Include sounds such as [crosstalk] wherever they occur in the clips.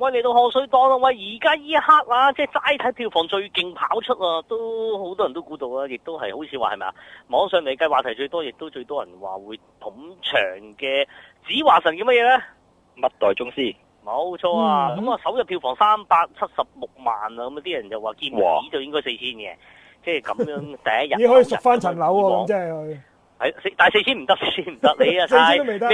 喂，嚟到賀歲檔啦！喂，而家呢一刻啊，即係齋睇票房最勁跑出啊，都好多人都估到啊，亦都係好似話係咪啊？網上嚟計話題最多，亦都最多人話會捧場嘅《子華神》叫乜嘢咧？《乜代宗師》？冇錯啊！咁、嗯、啊，嗯嗯、首日票房三百七十六萬啊，咁啲人就話見底就應該四千嘅，即係咁樣第一日。你 [laughs] 可以續翻層樓喎，真係係但係四千唔得，四千唔得，你啊，晒未得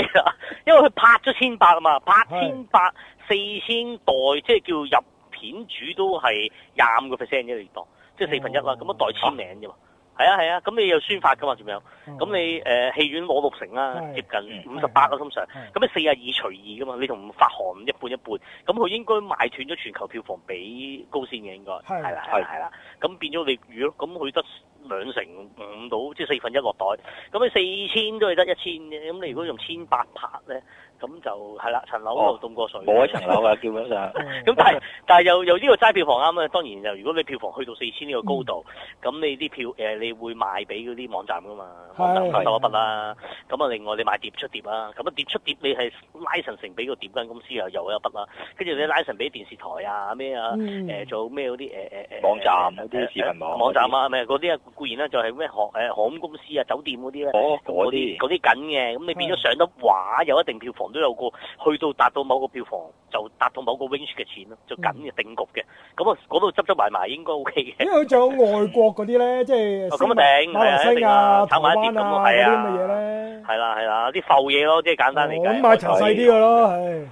因為佢拍咗千八啊嘛，拍千八。四千代即係叫入片主都係廿五個 percent 啫，最多、嗯、即係四分一啦。咁、嗯、啊代簽名啫嘛？係啊，係啊。咁、啊啊、你又宣發噶嘛，仲有？咁、嗯、你誒戲院攞六成啦、啊，接近五十八啦通常。咁、啊、你四廿二除二噶嘛，你同發行一半一半。咁佢應該賣斷咗全球票房比高先嘅，應該係啦，係啦。咁、啊啊啊啊啊啊啊、變咗你如果咁佢得兩成五到即係、就是、四分一落袋，咁你四千都係得一千嘅。咁你如果用千八拍咧？咁就係啦，層樓度凍過水，冇、哦、一層樓嘅基本上。咁、 [laughs] 嗯、但係但係又又呢個齋票房啱啊！當然就如果你票房去到四千呢個高度，咁、嗯、你啲票誒、呃、你會賣俾嗰啲網站㗎嘛，賺、嗯、多一筆啦。咁啊，嗯、另外你賣碟出碟啊，咁啊碟出碟你係拉成成俾個碟間公司又、啊、又一筆啦、啊。跟住你拉成俾電視台啊咩啊誒、呃、做咩嗰啲誒誒網站嗰啲視頻網網站啊咪嗰啲啊，固然啦，就係咩行誒航空公司啊酒店嗰啲咧，嗰啲啲緊嘅。咁你變咗上得畫、嗯、有一定票房。都有過，去到達到某個票房就達到某個 range 嘅錢咯，就緊嘅定局嘅。咁、嗯、啊，嗰度執執埋埋應該 OK 嘅。因為仲有外國嗰啲咧，即係咁、哦、啊，頂，係啊，炒埋一碟咁咯，係啊。啲乜嘢咧？係啦，係啦，啲浮嘢咯，即、就、係、是、簡單嚟講。咁、哦、炒細啲嘅咯，係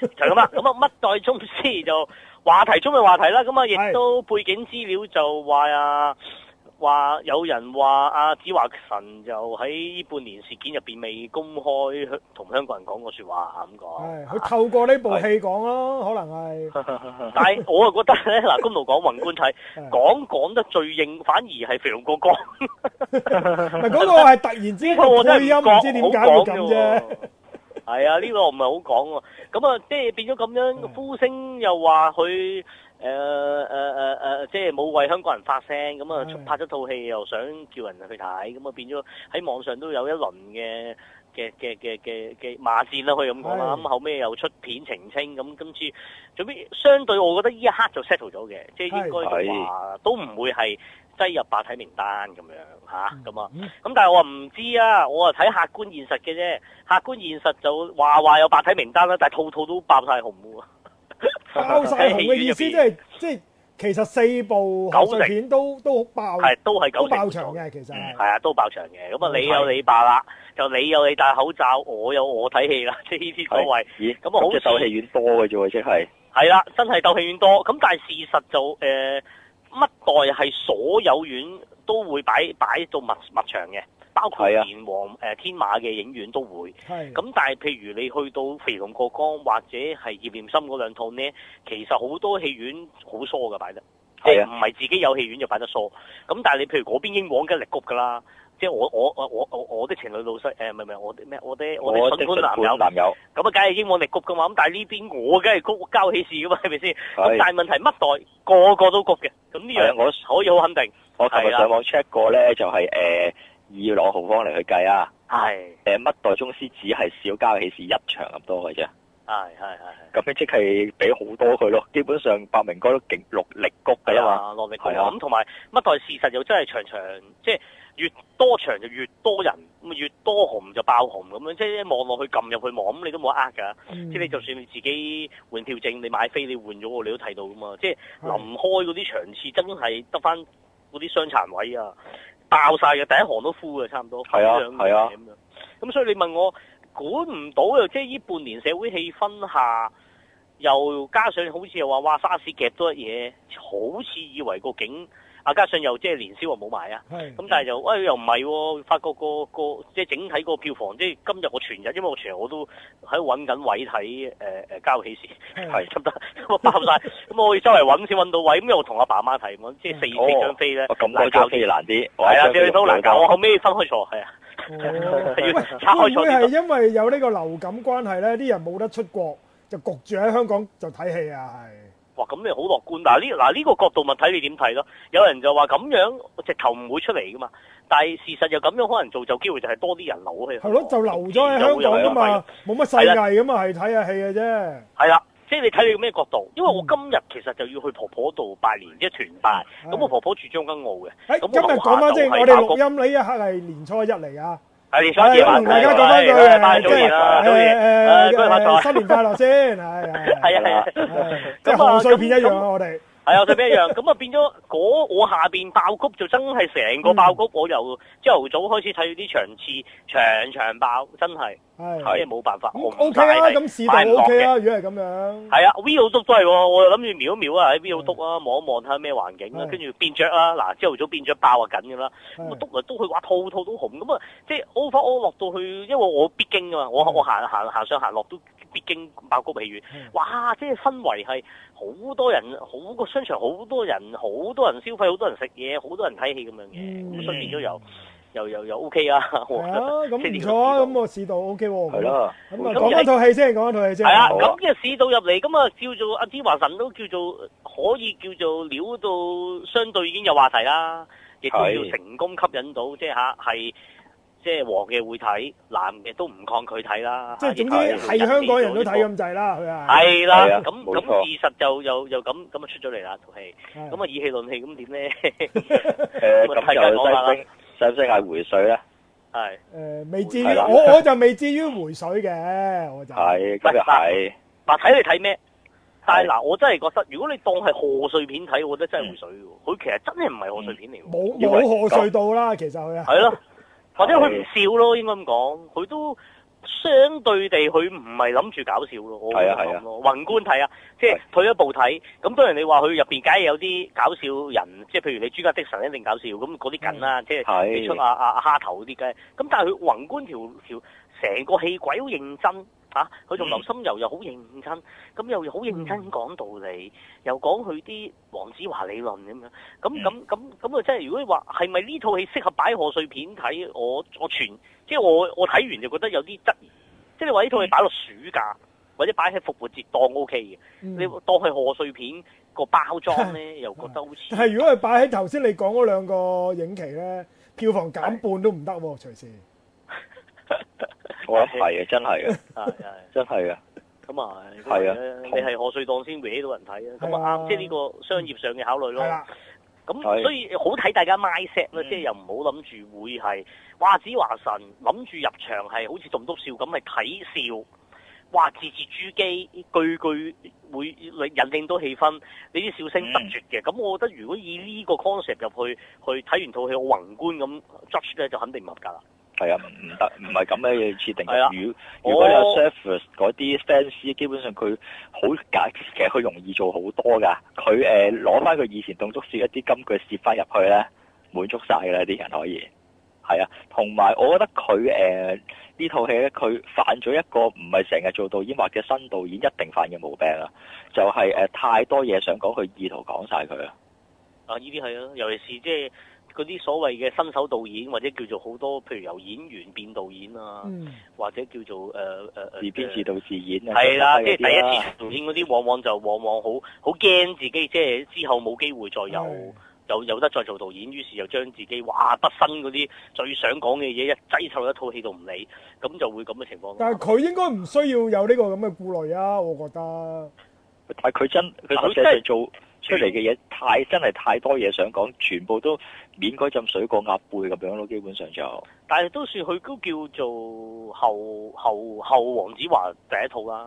就咁、是、啊。咁 [laughs] 啊，乜代宗師就話題中嘅話題啦。咁啊，亦都背景資料就話啊。話有人話阿子華神就喺呢半年事件入邊未公開同香港人講過話說話啊，咁講，佢、哎、透過呢部戲講咯，可能係。哈哈哈哈，但係我啊覺得咧，嗱，公道講，宏觀睇，講講得最應，反而係肥龍哥哥。唔係嗰個係突然之間，我真係唔知點解，唔好講啫。係啊，呢、這個我唔係好講喎。咁 [laughs] 啊，即係變咗咁樣，呼聲又話佢。誒誒誒誒，即係冇為香港人發聲，咁啊拍咗套戲又想叫人去睇，咁啊變咗喺網上都有一輪嘅嘅嘅嘅嘅嘅罵戰啦，可以咁講啦。咁後尾又出片澄清，咁今次總比相對我覺得呢一刻就 settle 咗嘅，即係應該就話都唔會係擠入白體名單咁樣吓，咁啊咁但係我話唔知啊，我話睇客觀現實嘅啫，客觀現實就話話有白體名單啦，但係套套都爆晒紅喎爆晒紅嘅意思 [laughs] 即係即係，其實四部喜劇片都90，都，都爆，係都係九爆場嘅，其實係啊、嗯，都爆場嘅。咁啊，你有你爆啦，就你有你戴口罩，我有我睇戲啦，即係呢啲所謂。咦？咁啊，好似即係鬥戲院多嘅啫喎，即係係啦，真係鬥戲院多。咁但係事實就誒，乜、呃、代係所有院都會擺擺到密密場嘅。包括炎黃》是啊、呃《誒天馬嘅影院都會，咁、啊、但係譬如你去到肥龍過江或者係葉念琛》嗰兩套呢，其實好多戲院好疏嘅擺得，啊、即唔係自己有戲院就擺得疏。咁但係你譬如嗰邊英皇梗係力谷㗎啦，即係我我我我我啲情侶老誒，唔係唔係我啲咩，我啲我啲筍盤、呃、男友，咁啊梗係英皇力谷嘅嘛。咁但係呢邊我梗係谷家有囍事嘅嘛，係咪先？咁、啊、但係問題乜代個個都谷嘅，咁呢樣我可以好肯定。啊、我琴日上網 check 過咧、啊，就係、是、誒。呃以攞豪方嚟去計啊，係誒乜代宗師只係少交喜事，一場咁多嘅啫，係係係，咁樣即係俾好多佢咯。基本上百明哥都勁六,六力谷啦嘛，落力谷啊。咁同埋乜代事實又真係場場，即係越多場就越多人，咁越多紅就爆紅咁樣。即係一望落去，撳入去望，咁你都冇呃㗎。即係你就算你自己換票證，你買飛你換咗，你都睇到噶嘛。即係臨開嗰啲場次真係得翻嗰啲傷殘位啊！爆晒嘅，第一行都枯嘅，差唔多。係啊，係啊。咁樣，咁、啊、所以你問我估唔到又，即係呢半年社會氣氛下，又加上好似又話哇沙士夾多嘢，好似以為個景。阿家信係係係係啊！加上又即係年宵又冇買啊，咁但係又喂又唔係喎，發覺個即係整體個票房即係、就係、今日我全日，因為我全日、呃、 [laughs] 我都喺揾緊位睇誒誒家有囍事，係咁得咁我包晒，咁我要周圍揾先揾到位，咁又同阿爸媽睇，我即係四飛，呢交飛張飛咧難搞啲，難啲，係啊，即係都難搞。我後尾分開坐，係啊， [laughs] 要拆開坐。會唔會係因為有呢個流感關係咧？啲人冇得出國，就焗住喺香港就睇戲啊？哇！咁你好樂觀，嗱呢，嗱呢個角度咪睇你點睇咯？有人就話咁樣，直頭唔會出嚟噶嘛。但係事實就咁樣可能造就機會就就，就係多啲人留去係咯，就留咗喺香港啫嘛，冇乜世藝咁啊，係睇下戲嘅啫。係啦，即係你睇你咩角度。因為我今日其實就要去婆婆度拜年即係、嗯、團拜。咁我婆婆住將軍澳嘅。咁今日講翻即係我哋、就是、錄音呢一刻係年初一嚟啊！我同大家講翻年快樂，年、新，啊啊呃、新年快樂先，係、 [laughs] 哎、啊，係、哎、啊，咁啊，碎片一樣啊，我哋係啊，碎片、嗯、一樣，咁啊變咗嗰我下面爆谷就真係成個爆谷，我又朝頭早開始睇啲場次，場場爆，真係。係，即係冇辦法，我唔睇。OK，咁市道 OK 啊，如果係咁樣。係啊，Viu 好篤真係，我諗住瞄一瞄啊，喺邊度篤啊，望一望睇下咩環境啊，跟住變着啦嗱，朝頭早變着爆啊緊咁啦。咁啊，篤嚟篤去話套套都紅，咁啊，即係 o 我翻我落到去，因為我必經噶嘛，我我行行行上行落都必經爆谷戲院。哇，即係氛圍係好多人，好個商場好多人，好多人消費，好多人食嘢，好多人睇戲咁樣嘅，咁順便都有。嗯又又又 OK 啊！係啊，咁唔錯啊，咁個市道 OK 喎，係咁啊，講翻套戲先，講一套戲先。係啊，咁嘅市道入嚟，咁啊，啊，啊叫做阿芝、啊、華神都叫做可以叫做撩到，相對已經有話題啦，亦都要成功吸引到，即係吓，係即係黃嘅會睇，藍嘅都唔抗拒睇啦。即、就、係、是、總之係、啊、香港人都睇咁滯啦，係啦、啊。咁咁事實就又又咁咁啊出咗嚟啦套戲，咁啊以氣論氣咁點咧？咁 [laughs] [laughs] 嗯嗯 [laughs] 嗯、就講啦。 [laughs] 使唔使嗌回水咧、啊？係、嗯、誒，未至於 [laughs] 我我就未至於回水嘅，我就係咁又係。嗱，睇你睇咩？但係嗱， [laughs] 我真係覺得，如果你當係賀歲片睇，我覺得真係回水嘅。佢、嗯、其實真係唔係賀歲片嚟嘅，冇冇賀歲到啦。其實佢係咯，對 [laughs] 或者佢唔笑咯，應該咁講，佢都。相對地，佢唔係諗住搞笑咯，我咁諗咯。宏觀睇啊，啊，即係退一步睇，咁、啊、當然你話佢入邊梗係有啲搞笑人，即係、啊、譬如你朱家的神一定搞笑，咁嗰啲梗啦，即係你出啊，阿、啊、蝦頭嗰啲梗。咁但係佢宏觀條條成個戲鬼好認真啊，佢仲劉心悠又好認真，咁、啊、又好認真講、嗯、道理，嗯、又講佢啲黃子華理論咁樣。咁咁咁咁啊，嗯、即係如果你話係咪呢套戲適合擺賀歲片睇？我我全。即係我我睇完就覺得有啲質疑。即係你話呢套戲擺落暑假或者擺喺復活節檔 O K 嘅，你當佢賀歲片個包裝咧， [laughs] 又覺得好似。但係如果係擺喺頭先你講嗰兩個影期咧，票房減半都唔得喎，隨時。我係啊， [laughs] [laughs] 真係嘅 [laughs] 是的 [laughs] 是的 [laughs] 真係嘅咁啊，啊 [laughs] 是的， [laughs] 你係賀歲檔先搣到人睇啊，咁啊，啱，即係呢個商業上嘅考慮咯。 [laughs] [laughs] 咁所以好睇大家 mindset 啦、嗯，即係又唔好諗住會係，哇子華神諗住入場係好似棟篤笑咁係睇笑，哇字字珠璣句句會引領到氣氛，你啲笑聲不絕嘅。咁、嗯、我覺得如果以呢個 concept 入去去睇完套戲宏觀咁 judge 咧，就肯定唔合格啦。係啊，唔得，唔係咁嘅設定如、啊、如果有 surface 嗰啲 fans，、哦、基本上佢好簡，其實佢容易做好多噶。佢誒，攞翻佢以前動作片一啲金句，攝翻入去咧，滿足晒㗎啦，啲人可以。係啊，同埋我覺得佢誒、呃、呢套戲咧，佢犯咗一個唔係成日做導演或者新導演一定犯嘅毛病啦就係、是、誒、呃、太多嘢想講，佢意圖講晒佢啊。啊，呢啲係啊，尤其是即、就、係、是。嗰啲所謂嘅新手導演，或者叫做好多，譬如由演員變導演啊，嗯、或者叫做誒誒、呃呃、自編自導自演啊，係啦、啊，即、就、係、是、第一次做導演嗰啲、嗯，往往就往往好好驚自己，即、就、係、是、之後冇機會再有有有得再做導演，於是就將自己哇畢生嗰啲最想講嘅嘢一擠曬一套戲度唔理，咁就會咁嘅情況。但係佢應該唔需要有呢、這個咁嘅顧慮啊，我覺得。但係佢真佢實際做。嗯、出嚟嘅嘢太真係太多嘢想講，全部都免嗰浸水過鴨背咁樣咯。基本上就，但係都算佢都叫做後後後黃子華第一套啦。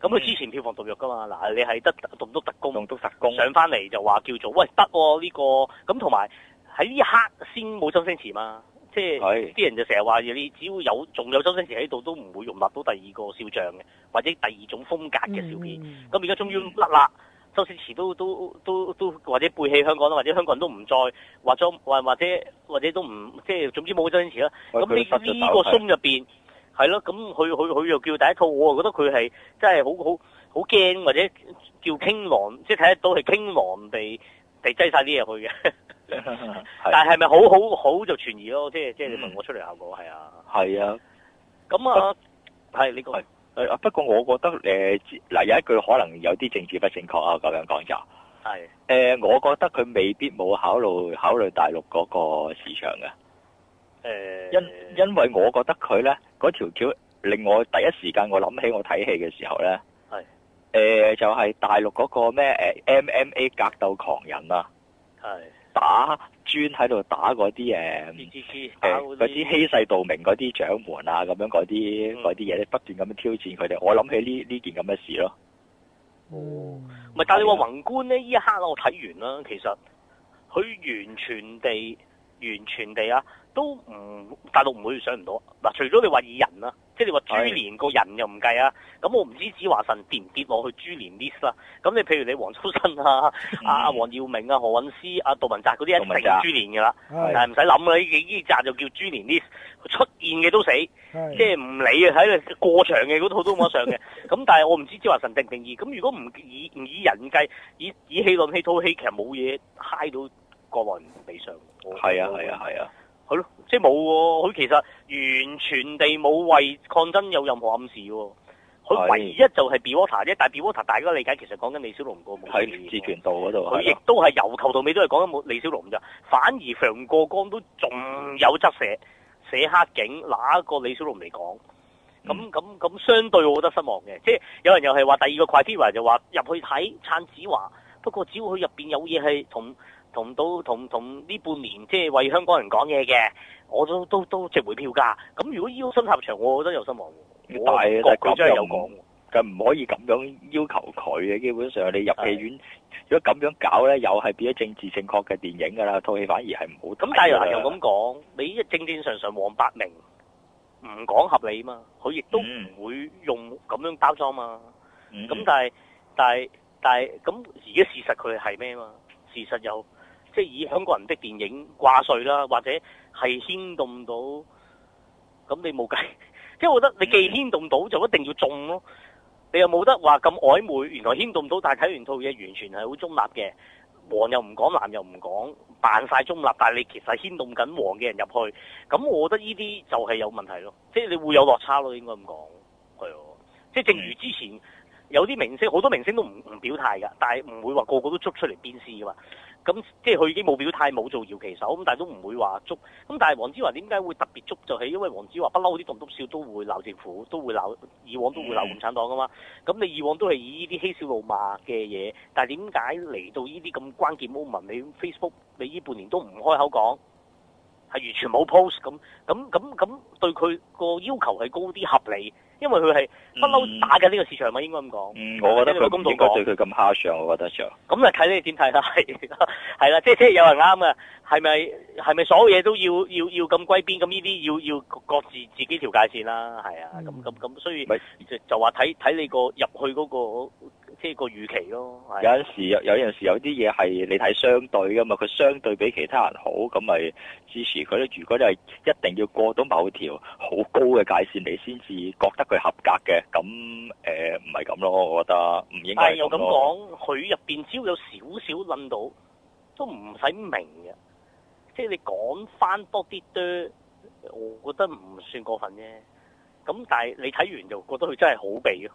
咁佢之前票房毒藥噶嘛？嗱、嗯，你係得棟篤特工？用棟篤特工上翻嚟就話叫做喂得呢、啊呢個咁，同埋喺呢一刻先冇周星馳嘛。即係啲人就成日話你只要有仲有周星馳喺度都唔會容納到第二個笑匠嘅，或者第二種風格嘅笑片。咁而家終於甩啦。嗯周星馳都都都都或者背棄香港啦，或者香港人都唔再或者或或者或者都唔即係總之冇周星馳啦。咁呢呢個鬆入邊係咯，咁佢佢佢又叫第一套，我覺得佢係真係好好好驚，或者叫傾囊，即係睇得到係傾囊，地地擠晒啲嘢去嘅。 [laughs] 但係係咪好好好就存疑咯？即係即係你問我出嚟效果係啊。係啊。咁啊，係你講。誒，不過我覺得誒，嗱，有一句可能有啲政治不正確啊，咁樣講就係誒，我覺得佢未必冇考慮考慮大陸嗰個市場嘅。誒，因因為我覺得佢咧嗰條橋令我第一時間我諗起我睇戲嘅時候咧，係誒就係大陸嗰個咩誒 MMA 格鬥狂人啊，係。啊、專打專喺度打嗰啲誒，誒嗰啲欺世盜名嗰啲掌門啊，咁樣嗰啲啲嘢咧，不斷咁樣挑戰佢哋。我諗起呢呢、嗯、件咁嘅事咯。哦，係，但係你話宏觀呢依一刻我睇完啦，其實佢完全地、完全地啊，都唔大陸唔會想唔到嗱，除咗你話以人啊。即係你話珠年個人又唔計啊，咁我唔知子華神跌唔跌落去珠年 list 啦、啊。咁你譬如你黃秋生啊、阿 [laughs] 黃、啊、耀明啊、何韻詩、啊、杜文澤嗰啲，一定珠連噶啦，係唔使諗啦。呢呢集就叫珠年 list，出現嘅都死，即係唔理啊，喺佢過場嘅嗰套都冇得上嘅。咁 [laughs] 但係我唔知子華神定唔定義。咁如果唔以唔以人計，以以氣論氣，氣，套戲其實冇嘢嗨 i g h 到國內唔比上。係啊係啊係啊。好咯，即係冇佢其實完全地冇為抗爭有任何暗示喎，佢唯一就係 Be Water 啫。但係 Be Water 大家理解，其實講緊李小龍個故事。喺截拳道嗰度，佢亦都係由頭到尾都係講緊冇李小龍咋，反而肥龍過江都仲有側寫寫黑警，哪一個李小龍嚟講？咁咁咁，嗯、相對我覺得失望嘅。即係有人又係話第二個 criteria 就話入去睇撐子華，不過只要佢入邊有嘢係同。同到同同呢半年即係為香港人講嘢嘅，我都都都值回票價。咁如果要新合場，我覺得有失望。但係，佢真係有講，佢唔可以咁樣要求佢嘅。基本上你入戲院，如果咁樣搞咧，又係變咗政治正確嘅電影㗎啦。套戲反而係唔好睇。咁但係又又咁講，你正正常常黃百鳴，唔講合理嘛？佢亦都唔會用咁、嗯、樣包裝嘛。咁、嗯、但係、嗯、但係但咁而家事實佢係咩嘛？事實又。即係以香港人的電影掛帥啦，或者係牽動到咁你冇計，即係我覺得你既牽動到就一定要中咯，你又冇得話咁曖昧。原來牽動到，但係睇完套嘢完全係好中立嘅，黃又唔講，藍又唔講，扮晒中立，但係你其實牽動緊黃嘅人入去。咁我覺得呢啲就係有問題咯，即係你會有落差咯，應該咁講係。即係正如之前有啲明星，好多明星都唔唔表態㗎，但係唔會話個個都捉出嚟鞭屍㗎嘛。咁即係佢已經冇表態，冇做搖旗手，咁但係都唔會話捉。咁但係黃子華點解會特別捉就係、是、因為黃子華不嬲啲棟篤笑都會鬧政府，都會鬧以往都會鬧共產黨㗎嘛。咁你以往都係以呢啲嬉笑怒罵嘅嘢，但係點解嚟到呢啲咁關鍵 moment，你 Facebook 你呢半年都唔開口講？係完全冇 post 咁，咁咁咁對佢個要求係高啲合理，因為佢係不嬲打緊呢、嗯呢個市場嘛，應該咁講。嗯，我覺得佢應該對佢咁 s 上，我覺得，我覺得就咁啊，睇你點睇啦？係係啦，即即係有人啱啊，係咪係咪所有嘢都要要要咁歸邊？咁呢啲要要各自自己條界線啦，係啊，咁咁咁，所以就就話睇睇你個入去嗰、嗰個。即係個預期咯，有陣時有有陣時有啲嘢係你睇相對噶嘛，佢相對比其他人好，咁咪支持佢咯。如果你係一定要過到某條好高嘅界線，你先至覺得佢合格嘅，咁誒唔係咁咯，我覺得唔應該。係，又咁講，佢入面只要有少少諗到，都唔使明嘅。即係你講翻多啲多，我覺得唔算過分啫。咁但係你睇完就覺得佢真係好肥，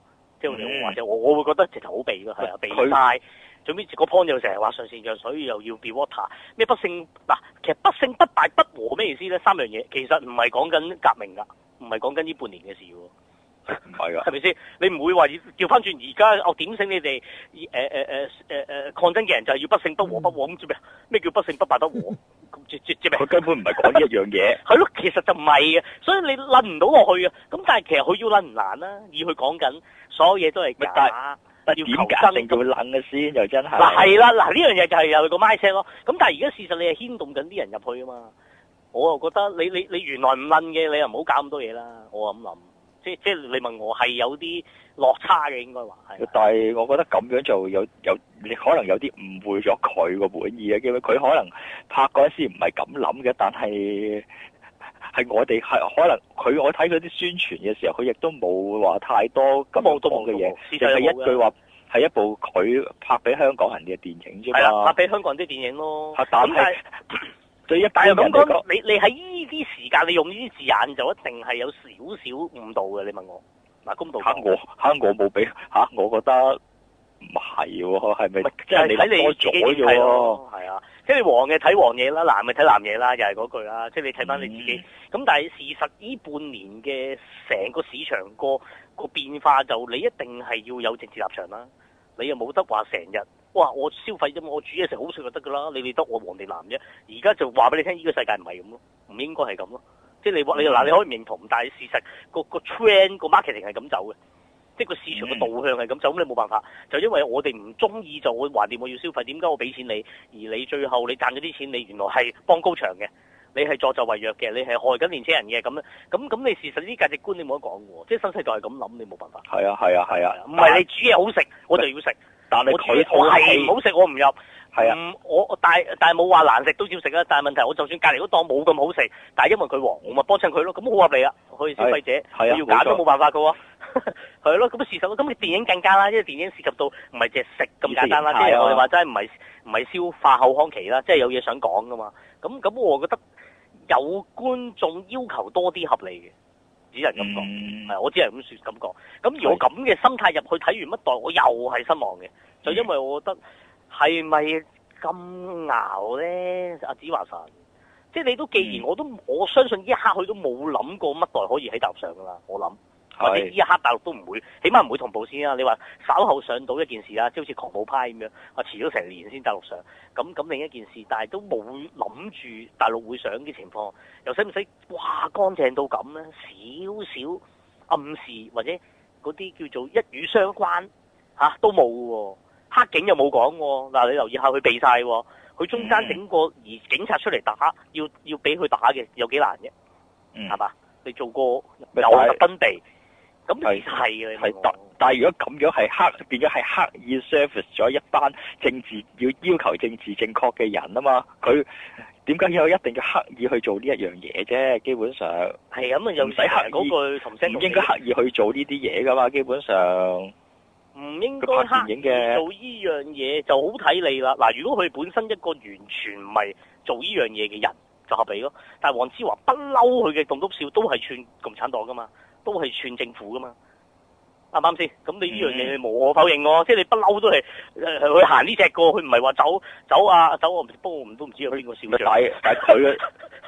或、嗯、者我我會覺得直頭好避咯，係啊，避肥曬。做咩個 point 又成日話上線像，所以又要 be water。咩不勝嗱，其實不勝不敗不和咩意思咧？三樣嘢其實唔係講緊革命噶，唔係講緊呢半年嘅事喎。唔係啊，係咪先？你唔會話要調翻轉而家我點醒你哋？誒誒誒誒誒，抗爭嘅人就係要不勝不和不和咁，知咩？咩叫不勝不敗得和？咁 [laughs] 沒，咩？佢根本唔係講呢一樣嘢。係咯，其實就唔係啊，所以你諗唔到落去啊。咁但係其實佢要諗唔難啦，以佢講緊所有嘢都係假，但係要求真，解要諗嘅先 [laughs] 又真係。嗱係啦，嗱呢樣嘢就係又個 myself 咯。咁但係而家事實你係牽動緊啲人入去啊嘛。我又覺得你你你原來唔諗嘅，你又唔好搞咁多嘢啦。我咁諗。即即你問我係有啲落差嘅，應該話係。但係我覺得咁樣就有有，你可能有啲誤會咗佢個本意嘅，因為佢可能拍嗰陣時唔係咁諗嘅，但係係我哋係可能佢我睇佢啲宣傳嘅時候，佢亦都冇話太多咁我都冇嘅嘢，就係一句話係一部佢拍俾香港人嘅電影啫嘛，啊，拍俾香港人啲電影咯。咁但係，但係 [laughs] 就一但係你你喺呢啲時間，你用呢啲字眼就一定係有少少誤導嘅。你問我，嗱，公道我吓我冇俾吓，我覺得唔係喎，係咪？即係睇你自己嘅係啊。黃嘅睇黃嘢啦，藍嘅睇藍嘢啦，又係嗰句啦。即係你睇翻你自己。咁、嗯、但係事實呢半年嘅成個市場個個變化就，就你一定係要有政治立場啦。你又冇得話成日。哇！我消費啫嘛，我煮嘢食好食就得噶啦。你哋得我黃地男啫。而家就話俾你聽，呢、呢個世界唔係咁咯，唔應該係咁咯。即係你話你嗱，你可以唔認同，但係事實個個 trend 個 marketing 係咁走嘅，即係個市場嘅導向係咁走。咁、嗯、你冇辦法，就因為我哋唔中意就橫掂我要消費，點解我俾錢你？而你最後你賺咗啲錢，你原來係幫高牆嘅，你係助紂為虐嘅，你係害緊年青人嘅咁啦。咁咁你事實啲價值觀你冇得講喎，即係新世代係咁諗，你冇辦法。係啊係啊係啊！唔係、啊啊、你煮嘢好食，我就要食。但係佢係唔好食，我唔入。係啊，唔、嗯、我但但係冇話難食都照食啊！但係問題我就算隔籬嗰檔冇咁好食，但係因為佢旺，我咪幫襯佢咯。咁好合理啊，佢消費者要揀都冇辦法噶。係咯，咁、啊、事實咁你電影更加啦，因為電影涉及到唔係淨係食咁簡單啦。即係、啊就是、我哋話真係唔係唔係消化口腔期啦，即、就、係、是、有嘢想講噶嘛。咁咁，我覺得有觀眾要求多啲合理嘅。只能感覺，係、嗯、我只能咁說。感覺。咁如我咁嘅心態入去睇完《乜代》，我又係失望嘅，就因為我覺得係咪咁熬咧？阿子華神，即係你都既然我都、嗯、我相信，一刻佢都冇諗過《乜代》可以喺搭上噶啦，我諗。或者呢一刻大陸都唔會，起碼唔會同步先啦、啊。你話稍後上到一件事啦，即好似狂舞派咁樣，我遲咗成年先大陸上，咁咁另一件事，但係都冇諗住大陸會上嘅情況，又使唔使哇乾淨到咁咧？少少暗示或者嗰啲叫做一語相關嚇、啊、都冇喎、哦，黑警又冇講嗱，你留意下佢避晒喎、哦，佢中間整個、嗯、而警察出嚟打，要要俾佢打嘅，有幾難啫，係、嗯、嘛？你做過遊民地。咁又係，你係但但係如果咁樣係刻意，變咗係刻意 service 咗一班政治要要求政治正確嘅人啊嘛，佢點解要有一定嘅刻意去做呢一樣嘢啫？基本上係咁啊，又唔使刻意嗰句同聲唔應該刻意去做呢啲嘢㗎嘛，基本上唔應該刻意做呢樣嘢，就好睇你啦。嗱，如果佢本身一個完全唔係做呢樣嘢嘅人就合理咯，但係黃子華不嬲佢嘅棟篤笑都係串共產黨㗎嘛。都係串政府噶嘛，啱唔啱先？咁你呢樣嘢你無我可否認喎、嗯，即係你、呃、不嬲都係去行呢隻噶，佢唔係話走走啊走我唔波，我,不我不都唔知佢邊個笑場。但係佢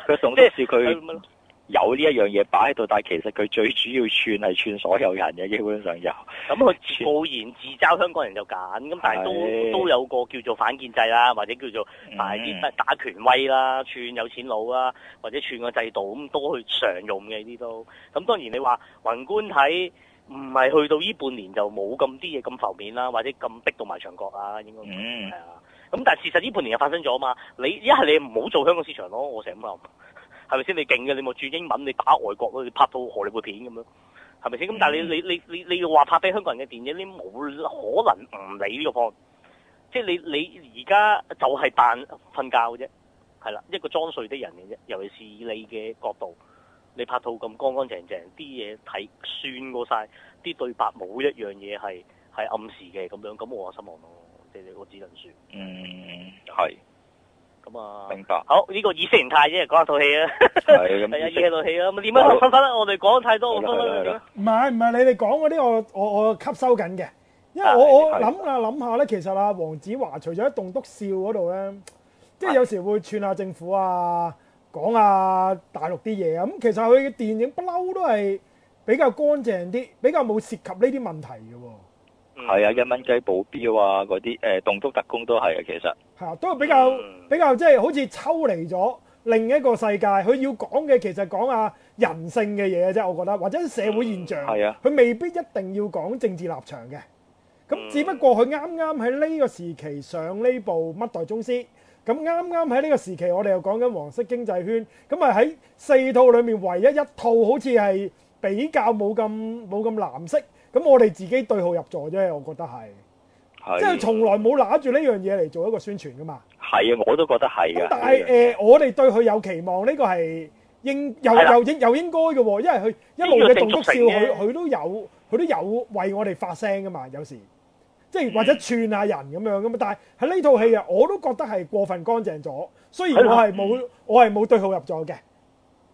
佢仲多謝佢。 [laughs] 有呢一樣嘢擺喺度，但係其實佢最主要串係串所有人嘅，基本上有。咁佢自然自嘲香港人就揀，咁但係都都有個叫做反建制啦，或者叫做打、嗯、打權威啦，串有錢佬啦，或者串個制度咁都去常用嘅呢啲都。咁當然你話宏觀睇，唔係去到呢半年就冇咁啲嘢咁浮面啦，或者咁逼到埋牆角啦，應該係啊。咁、嗯、但係事實呢半年又發生咗啊嘛，你一係你唔好做香港市場咯，我成日咁諗。係咪先你勁嘅？你冇轉英文，你打外國，你拍套荷里活片咁樣，係咪先？咁、嗯、但係你你你你你要話拍俾香港人嘅電影，你冇可能唔理呢個方法。即係你你而家就係扮瞓覺嘅啫，係啦，一個裝睡的人嘅啫。尤其是以你嘅角度，你拍套咁乾乾淨淨啲嘢睇，算過晒啲對白，冇一樣嘢係係暗示嘅咁樣，咁我話失望咯。即係我只能説。嗯，係。咁啊，明白。好呢，這個意識形態啫，講下套戲啊。係咁， [laughs] 以下套戲啊，咪點樣分分？我哋講太多，我分唔係唔係，你哋講嗰啲，我我我吸收緊嘅。因為我我諗啊諗下咧，其實阿黃子華除咗喺棟篤笑嗰度咧，即係有時會串下政府啊，講下大陸啲嘢啊。咁其實佢嘅電影不嬲都係比較乾淨啲，比較冇涉及呢啲問題嘅。係啊，一蚊雞保鏢啊，嗰啲誒，動作特工都係啊，其實係啊，都係比較比較即係，好似抽離咗另一個世界。佢要講嘅其實講啊人性嘅嘢啫，我覺得或者社會現象。係啊，佢未必一定要講政治立場嘅。咁只不過佢啱啱喺呢個時期上呢部乜代宗師，咁啱啱喺呢個時期，我哋又講緊黃色經濟圈。咁啊喺四套裏面唯一一套好似係比較冇咁冇咁藍色。咁我哋自己對號入座啫，我覺得係，即係從來冇拿住呢樣嘢嚟做一個宣傳噶嘛。係啊，我都覺得係啊。但係誒、呃，我哋對佢有期望這是有，呢個係應又又應又應該嘅喎，因為佢一路嘅棟篤笑，佢佢都有佢都有為我哋發聲噶嘛，有時即係或者串下人咁樣噶嘛、嗯。但係喺呢套戲啊，我都覺得係過分乾淨咗。雖然我係冇、嗯、我係冇對號入座嘅，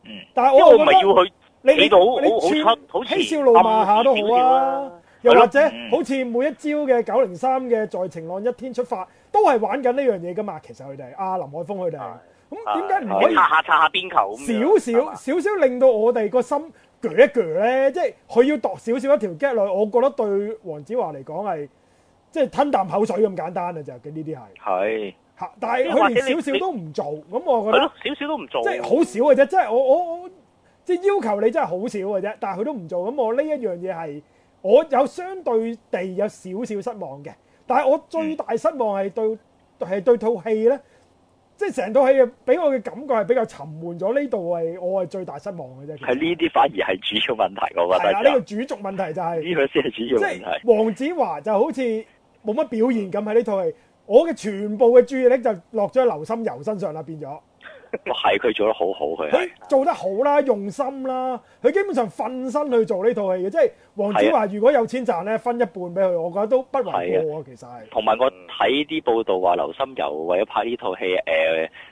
嗯，但係我唔係要去。你好，你串，嬉笑怒罵下都好啊，少少啊。又或者、嗯、好似每一朝嘅九零三嘅在晴朗一天出發，都係玩緊呢樣嘢噶嘛。其實佢哋阿林海峰佢哋，咁點解唔可以下擦下邊球？少少少少令到我哋個心鋸一鋸咧，即係佢要度，少少一條 g e 我覺得對黃子華嚟講係即係吞啖口水咁簡單啊！就嘅呢啲係係吓，但係佢連少少都唔做，咁我覺得少少都唔做，即係好少嘅啫。即係我我我。我我即係要求你真係好少嘅啫，但係佢都唔做咁，我呢一樣嘢係我有相對地有少少失望嘅。但係我最大失望係對係對套、嗯、戲咧，即係成套戲俾我嘅感覺係比較沉悶咗。呢度係我係最大失望嘅啫。係呢啲反而係主要問題，我覺得係、就、呢、係啊呢個主軸問題就係、是、呢、呢個先係主要問題。即係黃子華就好似冇乜表現咁喺呢套戲。我嘅全部嘅注意力就落咗喺劉心悠身上啦，變咗。係 [laughs] 佢做，做得好好，佢做得好啦，用心啦，佢基本上瞓身去做呢套戲嘅。即係黃子華如果有錢賺咧，分一半俾佢，我覺得都不為過啊。其實同埋我睇啲報道話，劉心柔為咗拍呢套戲，誒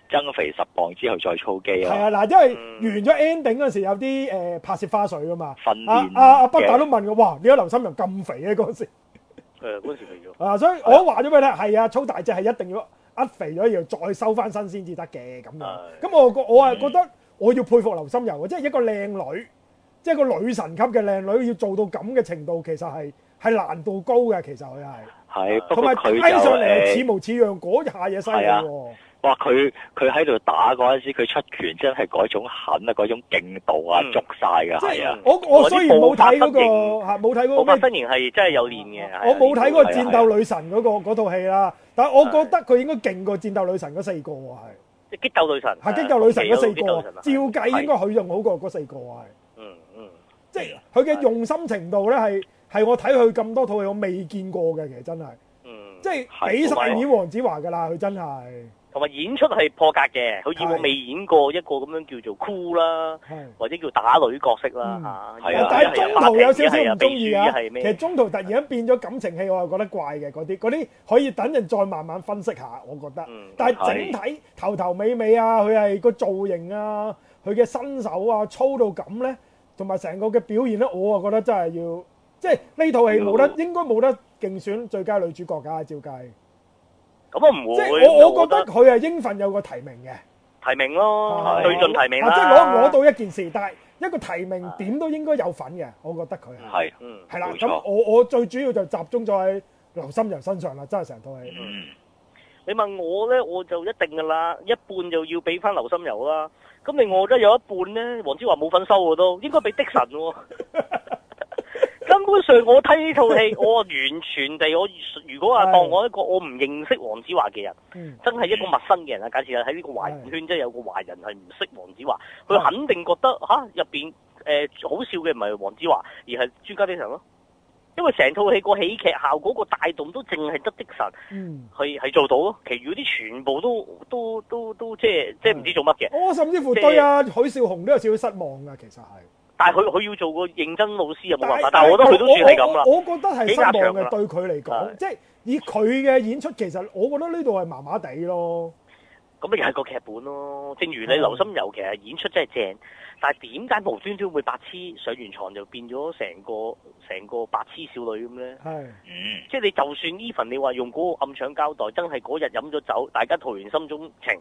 增肥十磅之後再操肌。啊。係嗱，因為完咗 ending 嗰時候有啲誒、呃、拍攝花絮噶嘛。訓練阿阿北大都問我，哇！點解劉心柔咁肥嘅嗰時，誒，嗰時肥咗啊，所以我話咗俾你聽。係啊，操大隻係一定要。一肥咗又再收翻身先至得嘅咁樣，咁我我啊覺得我要佩服劉心悠啊，即係一個靚女，即係個女神級嘅靚女，要做到咁嘅程度，其實係係難度高嘅，其實佢係。係，同埋睇上嚟似模似樣，嗰下嘢犀利喎。哇！佢佢喺度打嗰陣時，佢出拳真係嗰種狠啊，嗰種勁度啊，足晒噶係啊！我我雖然冇睇、嗰個、過、嗰個，係冇睇嗰個咩？我覺得仍然係真係有練嘅。我冇睇嗰個戰鬥女神嗰、嗰個嗰套戲啦，但係我覺得佢應該勁過戰鬥女神嗰四個，係即激鬥女神係激鬥女神嗰四個，嗯嗯、照計應該佢仲好過嗰四個啊！嗯嗯，即係佢嘅用心程度咧，係係我睇佢咁多套戲，我未見過嘅，其實真係、嗯，即係比十年黃子華噶啦，佢真係。嗯同埋演出係破格嘅，好似我未演過一個咁樣叫做 cool 啦，或者叫打女角色啦嚇。係啊，但係中途有少少唔中意啊。其實中途突然間變咗感情戲，我又覺得怪嘅嗰啲，嗰啲可以等人再慢慢分析下。我覺得，但係整體頭頭尾尾啊，佢係個造型啊，佢嘅身手啊，粗到咁咧，同埋成個嘅表現咧，我啊覺得真係要，即係呢套戲冇得，應該冇得競選最佳女主角㗎，照計。咁我唔會，即係我我覺得佢係應份有個提名嘅提名咯，啊、對盡提名啦、啊，即係攞攞到一件事，但係一個提名點都應該有份嘅，我覺得佢係、啊，嗯係啦，咁、啊、我我最主要就集中咗喺劉心悠身上啦，真係成套戲、嗯，你問我咧，我就一定噶啦，一半就要俾翻劉心悠啦，咁另外得有一半咧，黃子華冇份收喎，都應該俾迪神喎。根本上，我睇呢套戲，我完全地，我如果啊當我一個我唔認識黃子華嘅人，嗯、真係一個陌生嘅人啊！假設啊喺呢個華人圈即係有個華人係唔識黃子華，佢肯定覺得吓入邊誒好笑嘅唔係黃子華，而係朱家典神咯。因為成套戲個喜劇效果個大動都淨係得的神，去係做到咯。其餘啲全部都都都都，都即係即係唔知做乜嘅。我、嗯、甚至乎對呀，許紹雄都有少少失望噶，其實係。但係佢佢要做個認真老師又冇辦法，但係我覺得佢都算係咁啦。我覺得係失望嘅對佢嚟講，即係以佢嘅演出，其實我覺得呢度係麻麻地咯、嗯。咁亦又係個劇本咯。正如你劉心悠，其實演出真係正，但係點解無端端會白痴上完床就變咗成個成個白痴少女咁咧？係，即係你就算呢份你話用嗰個暗場交代，真係嗰日飲咗酒，大家桃完心中情。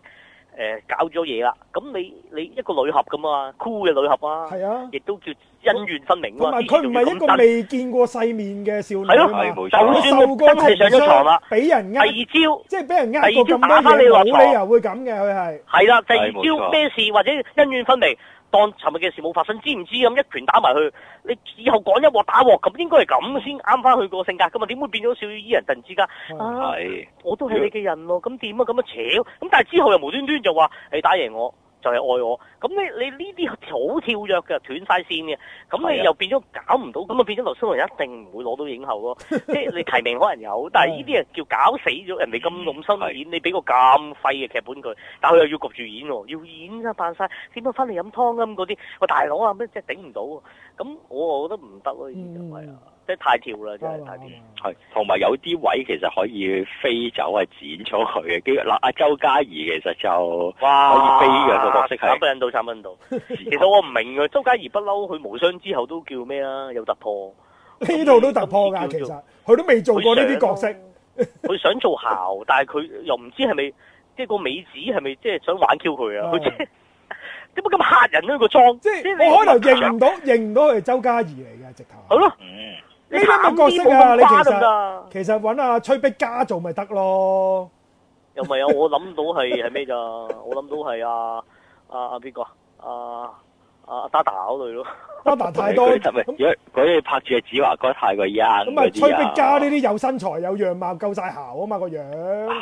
誒、呃，搞咗嘢啦！咁你你一個女俠咁啊酷嘅女俠啊，亦都叫恩怨分明，佢唔係一個未見過世面嘅少女啊，就算老公係上咗床啦，俾人呃。第二朝即係俾人呃個咁樣嘅，冇理由會咁嘅佢係。係啦，第二朝咩、啊、事或者恩怨分明。當尋日嘅事冇發生，知唔知咁一拳打埋去？你以後講一鑊打鑊，咁應該係咁先啱翻佢個性格。咁啊，點會變咗少少依人？突然之間係，我都係你嘅人咯。咁點啊？咁樣，扯？咁！但係之後又無端端就話，你打贏我。就係、是、愛我，咁你你呢啲好跳躍嘅，斷晒線嘅，咁你又變咗搞唔到，咁啊變咗劉青雲一定唔會攞到影后咯， [laughs] 即係你提名可能有，但係呢啲啊叫搞死咗人哋咁用心演，嗯、你俾個咁廢嘅劇本佢，但佢又要焗住演喎，要演啊扮晒點樣翻嚟飲湯啊咁嗰啲，我大佬啊咩，即係頂唔到，咁我啊覺得唔得咯，呢啲就係啊。即係太跳啦，真係太跳。係同埋有啲位其實可以飛走啊，剪咗佢嘅。跟嗱，阿周嘉怡其實就可以飛哇飛嘅角色係，慘不忍睹，慘不忍睹、哦、其實我唔明㗎，周嘉怡不嬲，佢無雙之後都叫咩啊？有突破呢度都突破噶，其實佢都未做過呢啲角色。佢想, [laughs] 想做姣，但係佢又唔知係咪即係個美子係咪即係想玩 Q 佢啊？佢即係點解咁吓人呢個裝，即係我可能認唔到，嗯、認唔到佢係周嘉怡嚟嘅，直頭、嗯。好、嗯、咯。呢啲咩角色啊？你其實其實揾阿、啊、崔碧嘉做咪得咯？又咪啊。我諗到係係咩咋？我諗到係啊，阿阿邊個？阿阿阿達達嗰類咯。阿達太多，如果佢拍住阿子華哥太過硬，咁阿崔碧嘉呢啲有身材有樣貌夠晒姣啊嘛個樣。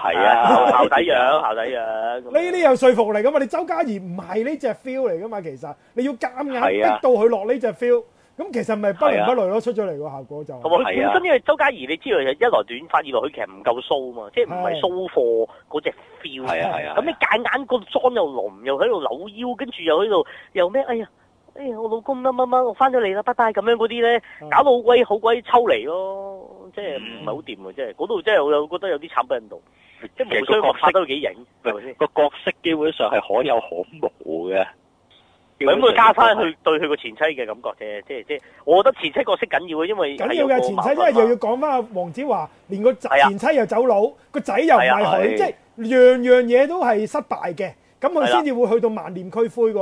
係啊，姣底樣，姣底樣。呢啲有說服嚟噶嘛？你周嘉怡唔係呢隻 feel 嚟噶嘛？其實你要夾硬逼到佢落呢隻 feel。咁其實咪不倫不類咯，出咗嚟個效果就本身、啊就是啊、因為周嘉怡，你知道一來短髮，二來佢其實唔夠騷嘛，即係唔係騷貨嗰隻 feel。係啊係啊。咁你假眼個妝又濃，又喺度扭腰，跟住又喺度又咩？哎呀哎呀，我老公乜乜乜，我翻咗嚟啦，拜拜咁樣嗰啲咧，搞到好鬼好鬼抽離咯，即係唔係好掂喎？即係嗰度真係我有覺得有啲慘不忍睹，即係無需要拍得幾型，係咪先，個角色基本上係可有可無嘅。咁佢加翻去對佢個前妻嘅感覺啫，即係即係，我覺得前妻角色緊要嘅，因為緊要嘅前妻，因為又要講翻阿黃子華，連個仔前妻又走佬，個仔又唔係佢，即係樣樣嘢都係失敗嘅，咁佢先至會去到萬念俱灰個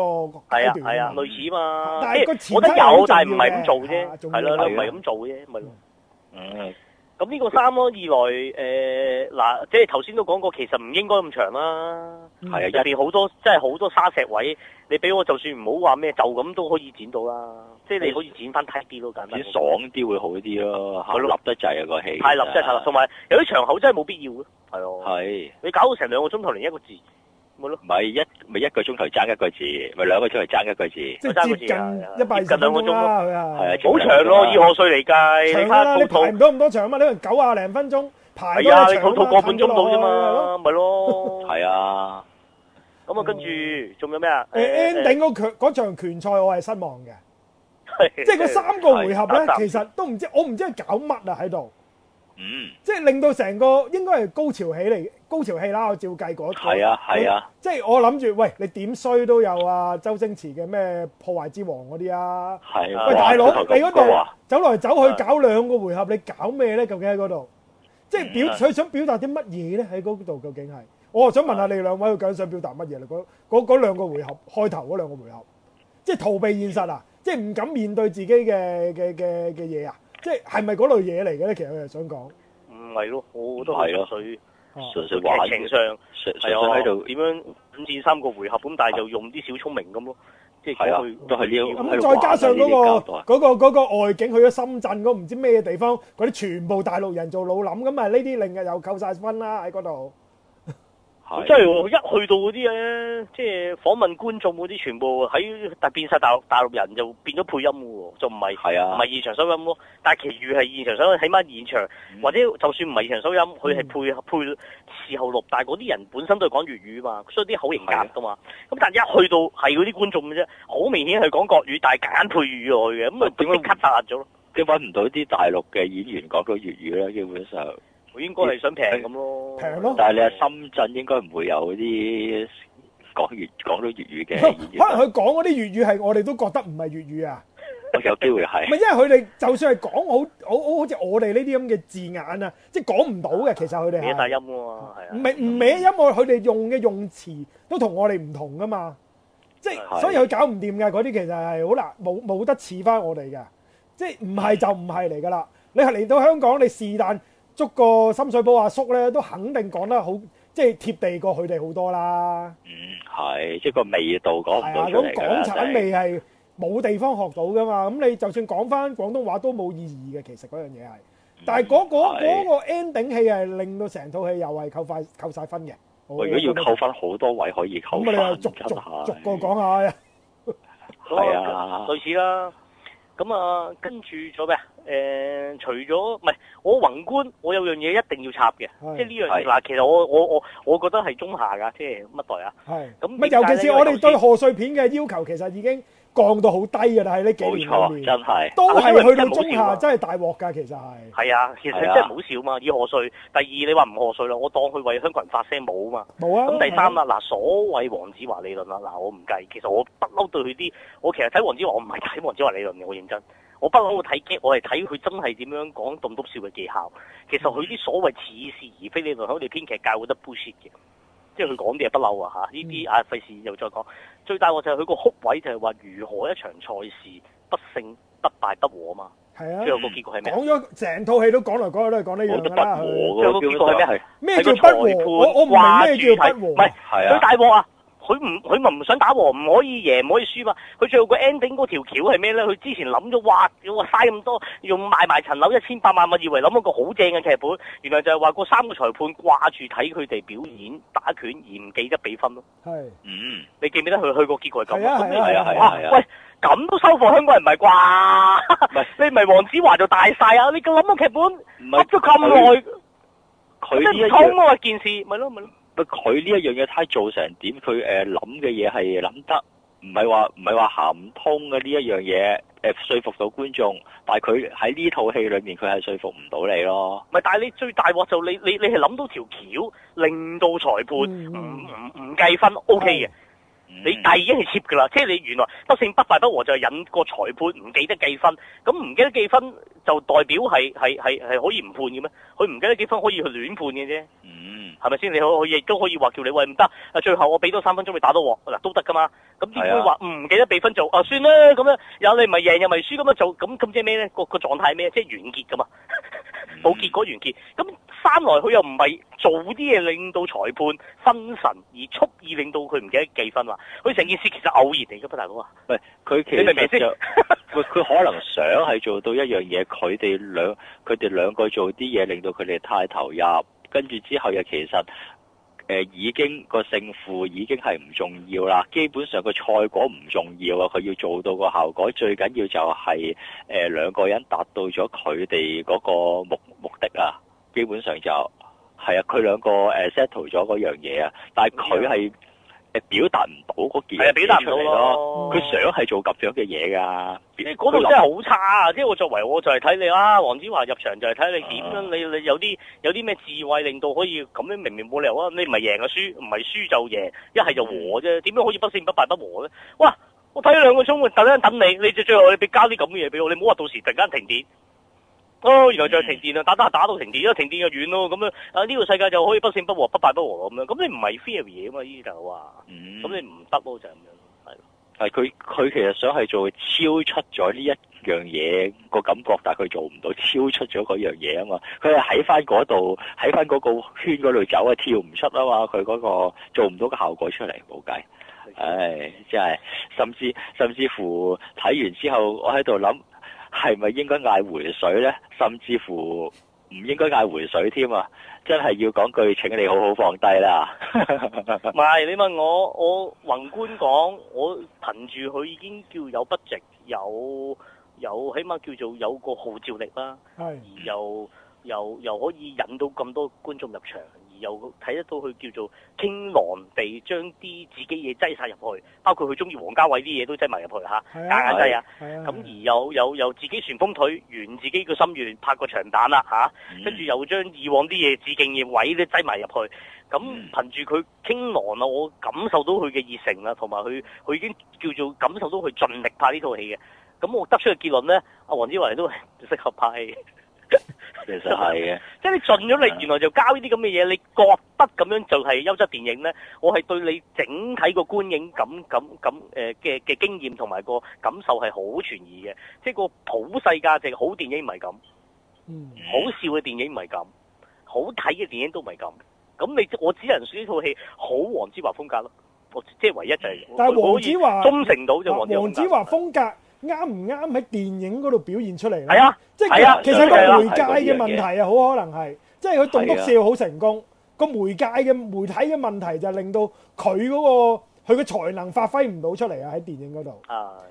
階段，類似嘛。但係個前妻就唔係咁做嘅啫，係咯，佢唔係咁做嘅啫，咪。咁、嗯、呢、這個三安二來誒嗱、呃，即係頭先都講過，其實唔應該咁長啦，係、嗯、啊，入邊好多即係好多沙石位，你俾我就算唔好話咩，就咁都可以剪到啦，哎、即係你可以剪翻窄啲囉，簡單。剪爽啲會好啲咯，立得滯啊個戲，太立真係，同埋有啲場口真係冇必要咯，係哦，係你搞到成兩個鐘頭連一個字。咪咯，咪一咪一個鐘頭爭一個字，咪兩個鐘頭爭一個字，即係接近，接近兩個鐘咯，係啊，好長咯，以賀歲嚟計，你睇下，你排唔到咁多場啊嘛，你九廿零分鐘排一場咁啊，等咗耐啊，咪咯，係啊，咁啊，跟住仲有咩啊？誒，ending 頂嗰場拳賽我係失望嘅，即係嗰三個回合咧，其實都唔知我唔知係搞乜啊喺度。嗯，即係令到成個應該係高潮戲嚟，高潮戲啦，我照計嗰度。係啊，係啊。即係我諗住，喂，你點衰都有啊？周星馳嘅咩破壞之王嗰啲啊。係啊。喂，大佬，你嗰度走來走去搞兩個回合，你搞咩咧？究竟喺嗰度？即係表佢想表達啲乜嘢咧？喺嗰度究竟係？我啊想問下你兩位究竟想表達乜嘢？嗰嗰嗰兩個回合開頭嗰兩個回合，即係逃避現實啊！即係唔敢面對自己嘅嘅嘅嘅嘢啊！即係係咪嗰類嘢嚟嘅咧？其實我就想講，唔係咯，我都純純劇情上，純粹純喺度點樣五戰三個回合咁，但係就用啲小聰明咁咯，即係佢都係要咁，再加上嗰個嗰個嗰個外景去咗深圳嗰唔知咩地方，嗰啲全部大陸人做老諗咁啊！呢啲令嘅又扣晒分啦喺嗰度。真係喎，一去到嗰啲咧，即係訪問觀眾嗰啲，全部喺但變曬大陸大陸人就，就變咗配音喎，就唔係唔係現場收音咯。但係其餘係現場收音，起碼現場或者就算唔係現場收音，佢係、嗯、配、嗯、配事後錄，但係嗰啲人本身都係講粵語嘛，所以啲口型夾嘅嘛。咁但係一去到係嗰啲觀眾嘅啫，好明顯係講國語，但係夾硬配粵語落去嘅，咁咪即刻突咗咯。即係揾唔到啲大陸嘅演員講到粵語啦，基本上。應該你想平咁咯，平咯。但係你喺深圳應該唔會有嗰啲講粵講到粵語嘅。可能佢講嗰啲粵語係我哋都覺得唔係粵語啊。有機會係唔係？因為佢哋就算係講好好好似我哋呢啲咁嘅字眼啊，即係講唔到嘅。其實佢哋係美音喎，啊，唔係唔美音。我佢哋用嘅用詞都我同我哋唔同噶嘛，即係所以佢搞唔掂㗎。嗰啲其實係好難冇冇得似翻我哋嘅，即係唔係就唔係嚟㗎啦。你係嚟到香港，你是但。捉個深水埗阿叔咧，都肯定講得好，即係貼地過佢哋好多啦。嗯，係，即係個味道講唔到出嚟啦。係啊，咁港產味係冇地方學到噶嘛。咁你就算講翻廣東話都冇意義嘅。其實嗰樣嘢係，但係嗰嗰嗰個 ending 戲係令到成套戲又係扣快扣曬分嘅。我如果要扣分好多位可以扣翻。咁你係逐逐逐個講下。係啊，類似啦。咁啊，跟住做咩啊？.誒、呃，除咗唔係，我宏觀，我有樣嘢一定要插嘅，即係呢樣嘢嗱。其實我我我我覺得係中下噶，即係乜代啊？係咁，尤其是我哋對賀歲片嘅要求，其實已經降到好低噶啦。係呢幾年裏真係都係去到中下，真係、啊、大鑊噶。其實係係啊，其實佢真係唔好笑嘛，以賀歲。第二，你話唔賀歲啦，我當佢為香港人發聲冇啊嘛。冇啊。咁第三啦，嗱、啊、所謂黃子華理論啦，嗱我唔計。其實我不嬲對佢啲，我其實睇黃子華，我唔係睇黃子華理論嘅，我認真。我不嬲，我睇劇，我係睇佢真係點樣講棟篤笑嘅技巧。其實佢啲所謂似是而非，你同佢編劇教得 bullshit 嘅，即係佢講啲嘢不溜啊嚇！呢啲啊費事又再講。最大鑊就係佢個哭位就係話如何一場賽事不勝不敗不和啊嘛。係啊，最後個結果係咩？講咗成套戲都講嚟講去都係講呢樣啦。即係個結果係咩？咩叫不和？我我唔明咩叫不和。唔係，佢大鑊啊。佢唔佢咪唔想打和，唔可以贏唔可以輸嘛。佢最後個 ending 嗰條橋係咩咧？佢之前諗咗，哇！嘩嘥咁多，用賣埋層樓一千八萬，以為諗一個好正嘅劇本，原來就係話個三個裁判掛住睇佢哋表演、嗯、打拳而唔記得比分咯啊。嗯，你記唔記得佢去過結果係咁？係啊啊啊，啊，啊，啊，啊，啊喂，咁都收貨香港人唔係啩？ [laughs] 你唔係黃子華就大晒啊！你咁諗個劇本得咗咁耐，佢、啊、一件事，咪咯咪咯。就是佢佢呢一樣嘢，佢做成點？佢誒諗嘅嘢係諗得，唔係話唔係話行唔通嘅呢一樣嘢誒，說服到觀眾。但係佢喺呢套戲裏面，佢係說服唔到你咯。唔係，但係你最大鑊就你你你係諗到條橋，令到裁判唔唔唔計分，嗯，OK 嘅。Mm -hmm. 你第二已經係貼噶啦，即係你原來不勝不敗不和就係引個裁判唔記得計分，咁唔記得計分就代表係係係係可以唔判嘅咩？佢唔記得計分可以去亂判嘅啫，係咪先？你好亦都可以話叫你喂唔得，啊最後我俾多三分鐘你打多鑊嗱都得噶嘛，咁點會話唔記得俾分做啊？算啦咁樣，有你唔係贏又咪輸咁樣做，咁咁即係咩咧？呢那個個狀態係咩？即、就、係、是、完結噶嘛，冇、 [laughs] mm -hmm. 結果完結，咁。翻來佢又唔係做啲嘢令到裁判分神，而蓄意令到佢唔記得記分嘛？佢成件事其實偶然嚟嘅不，大佬啊，喂，佢其實佢 [laughs] 可能想係做到一樣嘢，佢哋兩佢哋兩個做啲嘢令到佢哋太投入，跟住之後又其實誒、呃、已經個勝負已經係唔重要啦，基本上個賽果唔重要啊，佢要做到個效果最緊要就係、是、誒、呃、兩個人達到咗佢哋嗰個目目的啊。基本上就係啊，佢兩個誒 settle 咗嗰樣嘢啊，但係佢係誒表達唔到嗰件，係表達唔到咯。佢想係做咁樣嘅嘢㗎。咦，嗰度真係好差啊！即、啊、係我作為，我就係睇你啦。黃、啊、子華入場就係睇你點樣，啊、你你有啲有啲咩智慧，令到可以咁樣你明明冇理由啊！你唔係贏啊輸，輸唔係輸就贏，一係就和啫。點樣可以不勝不敗不和咧？哇！我睇咗兩個鐘，突然間等你，你就最後你俾交啲咁嘅嘢俾我，你唔好話到時突然間停電。哦，原來再停電啊、嗯！打打打到停電，因為停電又遠咯。咁樣啊，呢個世界就可以不勝不和，不敗不和咁樣，咁你唔係 feel 嘢嘛？呢度啊，咁你唔得咯，就咁樣係。佢佢、嗯、其實想係做超出咗呢一樣嘢個感覺，但佢做唔到超出咗嗰樣嘢啊嘛。佢係喺翻嗰度，喺翻嗰個圈嗰度走啊，跳唔出啊嘛。佢嗰個做唔到個效果出嚟，冇計。唉、嗯哎，真係，甚至甚至乎睇完之後，我喺度諗。係咪應該嗌回水呢？甚至乎唔應該嗌回水添啊！真係要講句請你好好放低啦。唔 [laughs] 係你問我，我宏觀講，我憑住佢已經叫有不值，有有起碼叫做有個號召力啦。係，又又又可以引到咁多觀眾入場。又睇得到佢叫做傾囊地將啲自己嘢擠晒入去，包括佢中意王家衛啲嘢都擠埋入去嚇，夾，硬擠啊！咁、啊啊啊啊啊、而又有有自己旋風腿圓自己個心願拍個長彈啦嚇，跟、啊、住、嗯、又將以往啲嘢致敬嘅位都擠埋入去，咁憑住佢傾囊啊，我感受到佢嘅熱誠啦，同埋佢佢已經叫做感受到佢盡力拍呢套戲嘅，咁我得出嘅結論咧，阿黃子華都係適合拍戲。其實係嘅，即係你盡咗力，原來就交呢啲咁嘅嘢，你覺得咁樣就係優質電影咧？我係對你整體個觀影感、感、感誒嘅嘅經驗同埋個感受係好存疑嘅。即係個普世價值好電影唔係咁，嗯，好笑嘅電影唔係咁，好睇嘅電影都唔係咁。咁你我只能選呢套戲好黃子華風格咯。我即係唯一就係、是，但係黃子華忠誠到就黃子華風格。啱唔啱，喺電影嗰度表現出嚟咧？係啊，即係其實個媒介嘅問題啊，好可能係，即係佢棟篤笑好成功，個媒介嘅媒體嘅問題就係令到佢嗰，嗰個佢嘅才能發揮唔到出嚟啊！喺電影嗰度，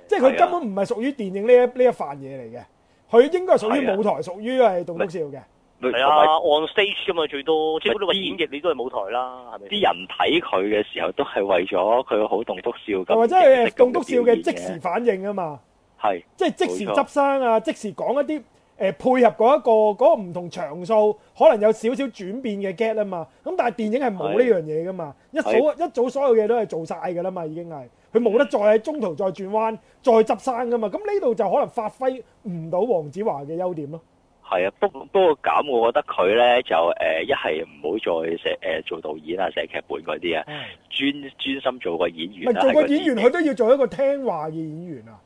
即係佢根本唔係屬於電影呢一呢一範嘢嚟嘅，佢應該係屬於舞台，屬於係棟篤笑嘅，係啊，on stage 咁嘛，最多，即係多個演繹你都係舞台啦，係咪？啲人睇佢嘅時候都係為咗佢好棟篤笑咁嘅即時反應啊嘛。係，即係即時執生啊！即時講一啲誒，配合嗰一個嗰個唔同場數，可能有少少轉變嘅 get 啊嘛。咁但係電影係冇呢樣嘢噶嘛，一早一早所有嘢都係做晒噶啦嘛，已經係，佢冇得再中途再轉彎再執生噶嘛。咁呢度就可能發揮唔到黃子華嘅優點咯。係啊，不過不過咁，我覺得佢咧就誒一係唔好再寫誒做導演啊，寫劇本嗰啲啊，專專心做個演員啊。做個演員，佢都要做一個聽話嘅演員啊。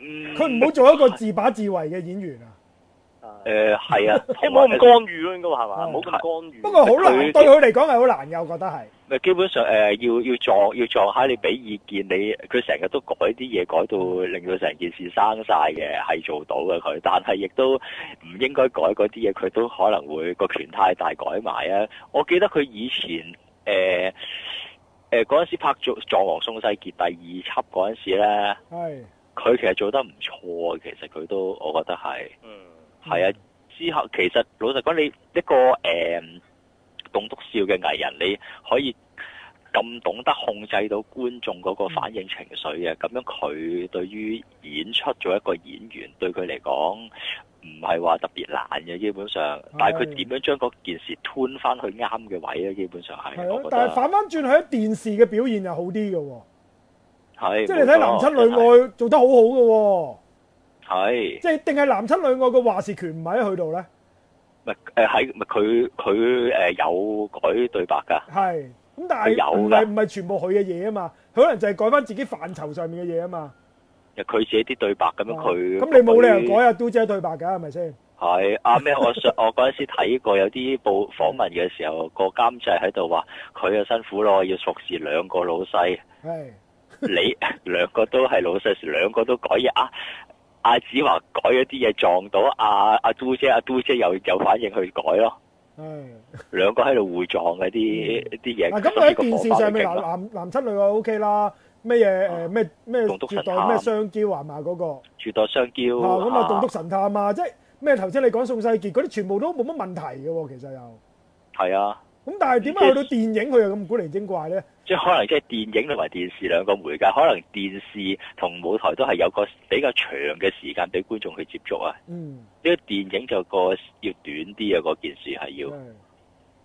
佢唔好做一個自把自為嘅演員啊！誒、呃，係啊，即係我唔干預咯，應該係嘛，冇、哦、咁、哦、干預。不過好難，對佢嚟講係好難嘅，我覺得係。咪基本上誒、呃，要要撞要撞下你俾意見，你佢成日都改啲嘢，改到令到成件事生晒嘅，係做到嘅佢。但係亦都唔應該改嗰啲嘢，佢都可能會個權太大改埋啊！我記得佢以前誒誒嗰陣時拍做《狀王宋世傑》第二輯嗰陣時咧，係。佢其實做得唔錯，其實佢都，我覺得係，係、嗯、啊。之後其實老實講，你一個誒，棟、呃、篤笑嘅藝人，你可以咁懂得控制到觀眾嗰個反應情緒嘅，咁、嗯、樣佢對於演出做一個演員，對佢嚟講唔係話特別難嘅，基本上。但係佢點樣將嗰件事吞翻去啱嘅位咧？基本上係，但係反翻轉去喺電視嘅表現又好啲嘅。係即係你睇男親女愛做得好好嘅，係即係定係男親女愛個話事權唔喺佢度咧？唔係誒喺，佢佢誒有改對白噶？係咁，但係唔係唔係全部佢嘅嘢啊嘛？佢可能就係改翻自己範疇上面嘅嘢啊嘛。佢自己啲對白咁樣，佢咁你冇理由改阿 Do 姐對白嘅係咪先？係啱咩？我我嗰陣時睇過有啲報訪問嘅時候，個監製喺度話佢啊辛苦咯，要服侍兩個老細。係。你兩個都係老實,實，兩個都改啊！阿、啊、子華改咗啲嘢撞到阿阿嘟姐，阿、啊、都姐,、啊、姐又有反應去改咯。嗯兩個喺度互撞嘅啲啲嘢。咁咁喺電視上面，男男男親女啊？O K 啦，咩嘢誒咩咩絕咩雙驕啊嘛？嗰個絕代雙驕咁啊，棟篤、嗯神,啊、神探啊，即係咩頭先你講宋世傑嗰啲，全部都冇乜問題嘅、啊。其實又係啊。咁但係點解去到電影佢又咁古靈精怪咧？即係可能，即係電影同埋電視兩個媒介，可能電視同舞台都係有個比較長嘅時間俾觀眾去接觸啊。嗯，呢個電影就個要短啲啊，嗰件事係要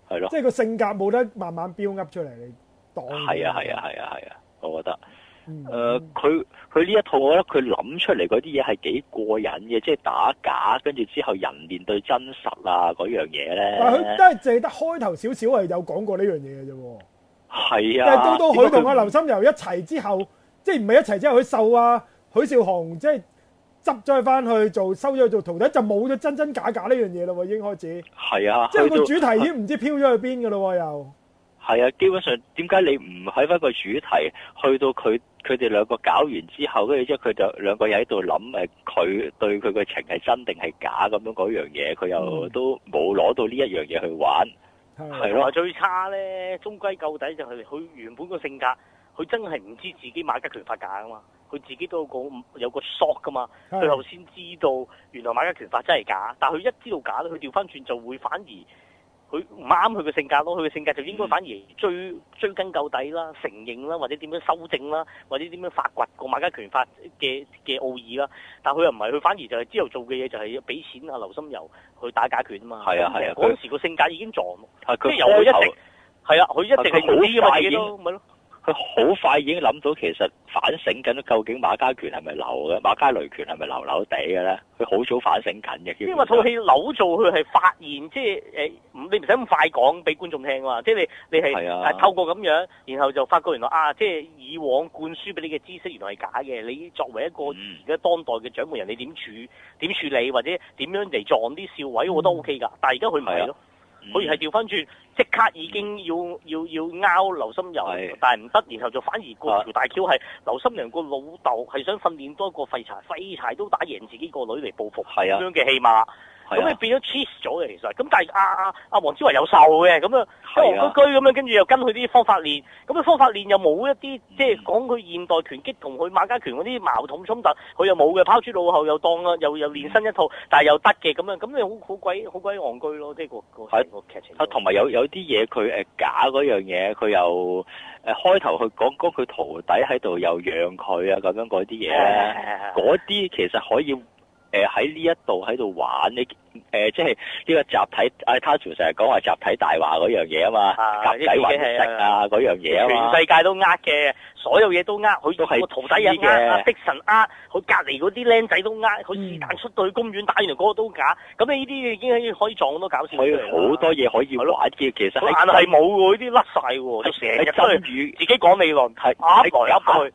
係咯。即係個性格冇得慢慢 build up 出嚟，你擋。係啊係啊係啊係啊，我覺得，誒、呃，佢佢呢一套，我覺得佢諗出嚟嗰啲嘢係幾過癮嘅，即係打假，跟住之後人面對真實啊嗰樣嘢咧。但係佢真係淨係得開頭少少係有講過呢樣嘢嘅啫。係啊，即、就、係、是、都都，佢同阿劉心柔一齊之後，不即係唔係一齊之後，佢受啊，許紹雄即係執咗返翻去做，收咗佢做徒弟，就冇咗真真假假呢樣嘢咯，已經開始。係啊，即係個主題已經唔知飄咗去邊噶咯，又係啊，基本上點解你唔喺翻個主題？去到佢佢哋兩個搞完之後，跟住之後佢就兩個又喺度諗誒，佢對佢個情係真定係假咁樣嗰樣嘢，佢又都冇攞到呢一樣嘢去玩。嗯係咯、啊啊，最差呢，中歸究底就係佢原本個性格，佢真係唔知道自己馬家拳法假噶嘛，佢自己都有個有個 shock 噶嘛，佢後先知道原來馬家拳法真係假，但係佢一知道假咧，佢調翻轉就會反而。佢唔啱佢嘅性格咯，佢嘅性格就應該反而追追根究底啦、承認啦，或者點樣修正啦，或者點樣發掘個馬家拳法嘅嘅奧義啦。但佢又唔係，佢反而就係之後做嘅嘢就係俾錢啊劉心悠去打假拳啊嘛。係啊係啊，嗰、啊啊、時個性格已經撞，即係由佢一定，係啊，佢一定冇發現，咪咯、啊。佢好快已經諗到，其實反省緊，究竟馬家拳係咪流嘅？馬家雷拳係咪流流地嘅咧？佢好早反省緊嘅。因為套戲扭做，佢係發現，即係、呃、你唔使咁快講俾觀眾聽嘛。即係你，你係、啊、透過咁樣，然後就發覺原來啊，即係以往灌輸俾你嘅知識原來係假嘅。你作為一個而家當代嘅掌門人，你點處點處理，或者點樣嚟撞啲笑位，嗯、我覺得 O K 噶。但係而家佢唔係咯。好似係調翻轉，即刻已經要、嗯、要要拗劉心悠、啊，但係唔得，然後就反而過條大橋係劉心悠個老豆係想訓練多一個廢柴，廢柴都打贏自己個女嚟報復，咁、啊、樣嘅戲碼。咁你、啊、變咗 cheese 咗嘅，其實咁但係阿啊阿、啊啊、王之衞有瘦嘅，咁樣戇居戇居咁樣，跟住又跟佢啲方法練，咁佢方法練又冇一啲、嗯，即係講佢現代拳擊同佢馬家拳嗰啲矛盾衝突，佢又冇嘅，拋諸腦後又當啦，又又練新一套，嗯、但係又得嘅咁樣咁你好好鬼好鬼戇居咯，即係個個劇情同埋、啊、有有啲嘢佢誒假嗰樣嘢，佢又誒、呃、開頭去講嗰佢徒弟喺度又養佢啊，咁樣嗰啲嘢咧，嗰啲其實可以。誒喺呢一度喺度玩，呢、呃、誒即係呢個集體，阿 t a t 成日講話集體大話嗰樣嘢啊嘛，格仔混跡啊嗰樣嘢嘛，全世界都呃嘅，所有嘢都呃，佢都係徒弟嘅呃，D 神呃，佢隔離嗰啲僆仔都呃，佢是但出到去公園打完嚟嗰個都假，咁你呢啲已經可以撞到好多搞笑。佢好多嘢可以玩嘅，其實但係冇喎，呢啲甩晒喎，成日都係、就是、自己講理論睇嚟睇去。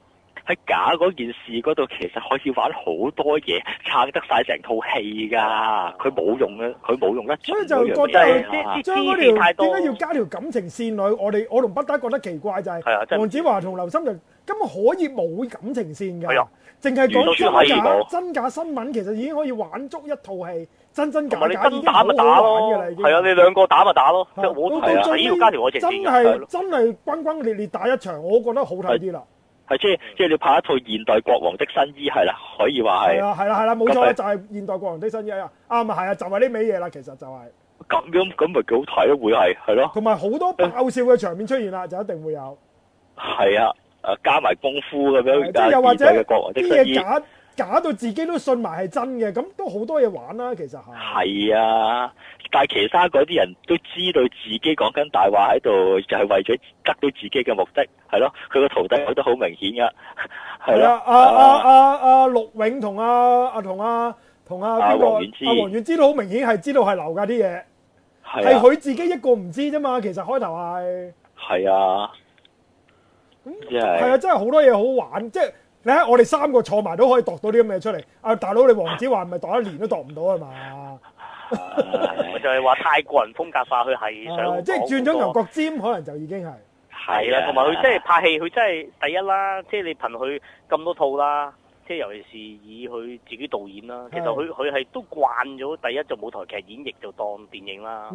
喺假嗰件事嗰度，其實可以玩好多嘢，撐得晒成套戲㗎。佢冇用嘅，佢冇用一寸。所以就覺得，將嗰條點解要加條感情線？女，我哋我同北大覺得奇怪就係，黃子華同劉心玲根本可以冇感情線嘅，淨係講真假真假新聞，其實已經可以玩足一套戲，真真假假已經好好玩。係啊，你兩個打咪打咯，到到最尾真係真係轟轟烈烈打一場，我覺得好睇啲啦。係即係，即係你要拍一套現代國王的新衣，係啦，可以話係。係啦，係啦，係啦，冇錯，就係、是、現代國王的新衣啊！啱啊，係啊，就係呢味嘢啦，其實就係、是。咁樣咁咪幾好睇？會係係咯。同埋好多爆笑嘅場面出現啦、嗯，就一定會有。係啊，誒加埋功夫咁樣即係現代嘅國王的新衣。假到自己都信埋係真嘅，咁都好多嘢玩啦。其實係。係啊，但其他嗰啲人都知道自己講緊大話喺度，就係、是、為咗得到自己嘅目的，係咯、啊。佢個徒弟睇得好明顯噶，係啊，阿啊啊阿陸、啊啊啊、永同阿阿同阿同阿邊個阿、啊、王遠之都好明顯係知道係流噶啲嘢，係佢、啊、自己一個唔知啫嘛。其實開頭係係啊，係、就是嗯、啊，真係好多嘢好玩，即係。你睇我哋三個坐埋都可以度到啲咁嘅出嚟、啊，大佬你黃子華唔係度一年都度唔到係嘛？啊、 [laughs] 我就係話泰國人風格化佢係想、啊，即係轉咗牛角尖可能就已經係。係啦、啊，同埋佢即係拍戲，佢真係第一啦，即、就、係、是、你憑佢咁多套啦。即係尤其是以佢自己導演啦，其實佢佢係都慣咗第一做舞台劇演繹就當電影啦。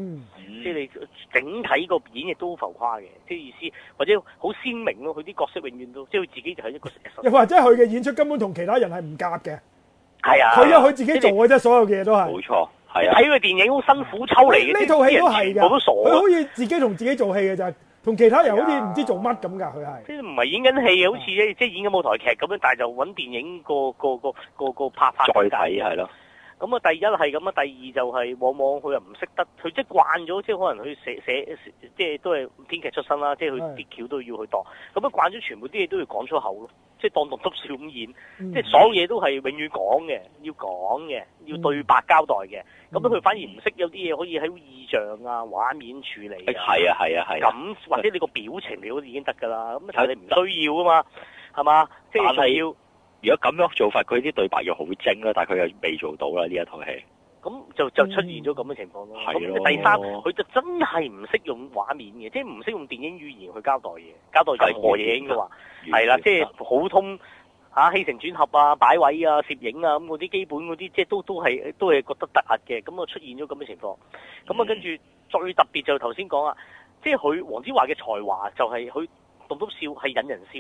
即係你整體個演繹都浮誇嘅，即係意思或者好鮮明咯。佢啲角色永遠都即係佢自己就係一個神經病。又或者佢嘅演出根本同其他人係唔夾嘅。係啊，佢啊佢自己做嘅啫，所有嘅嘢都係。冇錯，係啊。睇佢電影好辛苦抽離嘅，呢套戲都係㗎。佢好似自己同自己做戲嘅就同其他人好似唔知做乜咁噶，佢係即係唔係演緊戲，好似即係演緊舞台劇咁樣，但係就揾電影個個個個拍翻再睇係咯。咁啊，第一係咁啊，第二就係往往佢又唔識得，佢即係慣咗，即係可能佢寫寫，即係都係編劇出身啦，即係佢啲橋都要去當。咁佢慣咗全部啲嘢都要講出口咯，即係當堂得少咁演，即、嗯、係所有嘢都係永遠講嘅，要講嘅，要對白交代嘅。咁、嗯、佢反而唔識有啲嘢可以喺意象啊、畫面處理啊，係啊，係啊，係。咁或者你個表情你都已經得噶啦，咁但係你唔需要啊嘛，係嘛，即係要。如果咁樣做法，佢啲對白又好精啦，但係佢又未做到啦呢一套戲。咁就就出現咗咁嘅情況咯、嗯。第三，佢就真係唔識用畫面嘅，即係唔識用電影語言去交代嘢，交代就係過影嘅話，係、嗯、啦，即、嗯、係、嗯嗯嗯就是、普通吓起承轉合啊、擺位啊、攝影啊咁嗰啲基本嗰啲，即、就、係、是、都是都係都係覺得得壓嘅。咁啊，出現咗咁嘅情況。咁、嗯、啊，跟住最特別就頭先講啊，即係佢黃子華嘅才華就係佢棟篤笑係引人笑，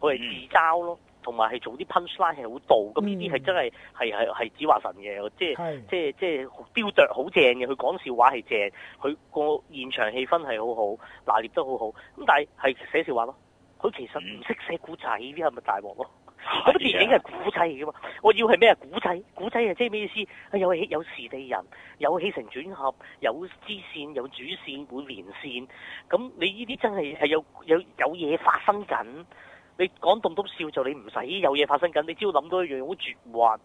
佢係自嘲咯。嗯同埋係做啲 punchline 係好度，咁呢啲係真係係係係指畫神嘅，即係即係即係雕琢好正嘅。佢講笑話係正，佢個現場氣氛係好好，拿捏得好好。咁但係係寫笑話咯，佢其實唔識寫古仔，呢啲係咪大鑊咯。咁、嗯、電影係古仔嚟嘅嘛，我要係咩啊？古仔，古仔啊，即係咩意思？有有時地人，有起承轉合，有支線，有主線會連線。咁你呢啲真係係有有有嘢發生緊。你講棟篤笑就你唔使有嘢發生緊，你只要諗到一樣好絕幻，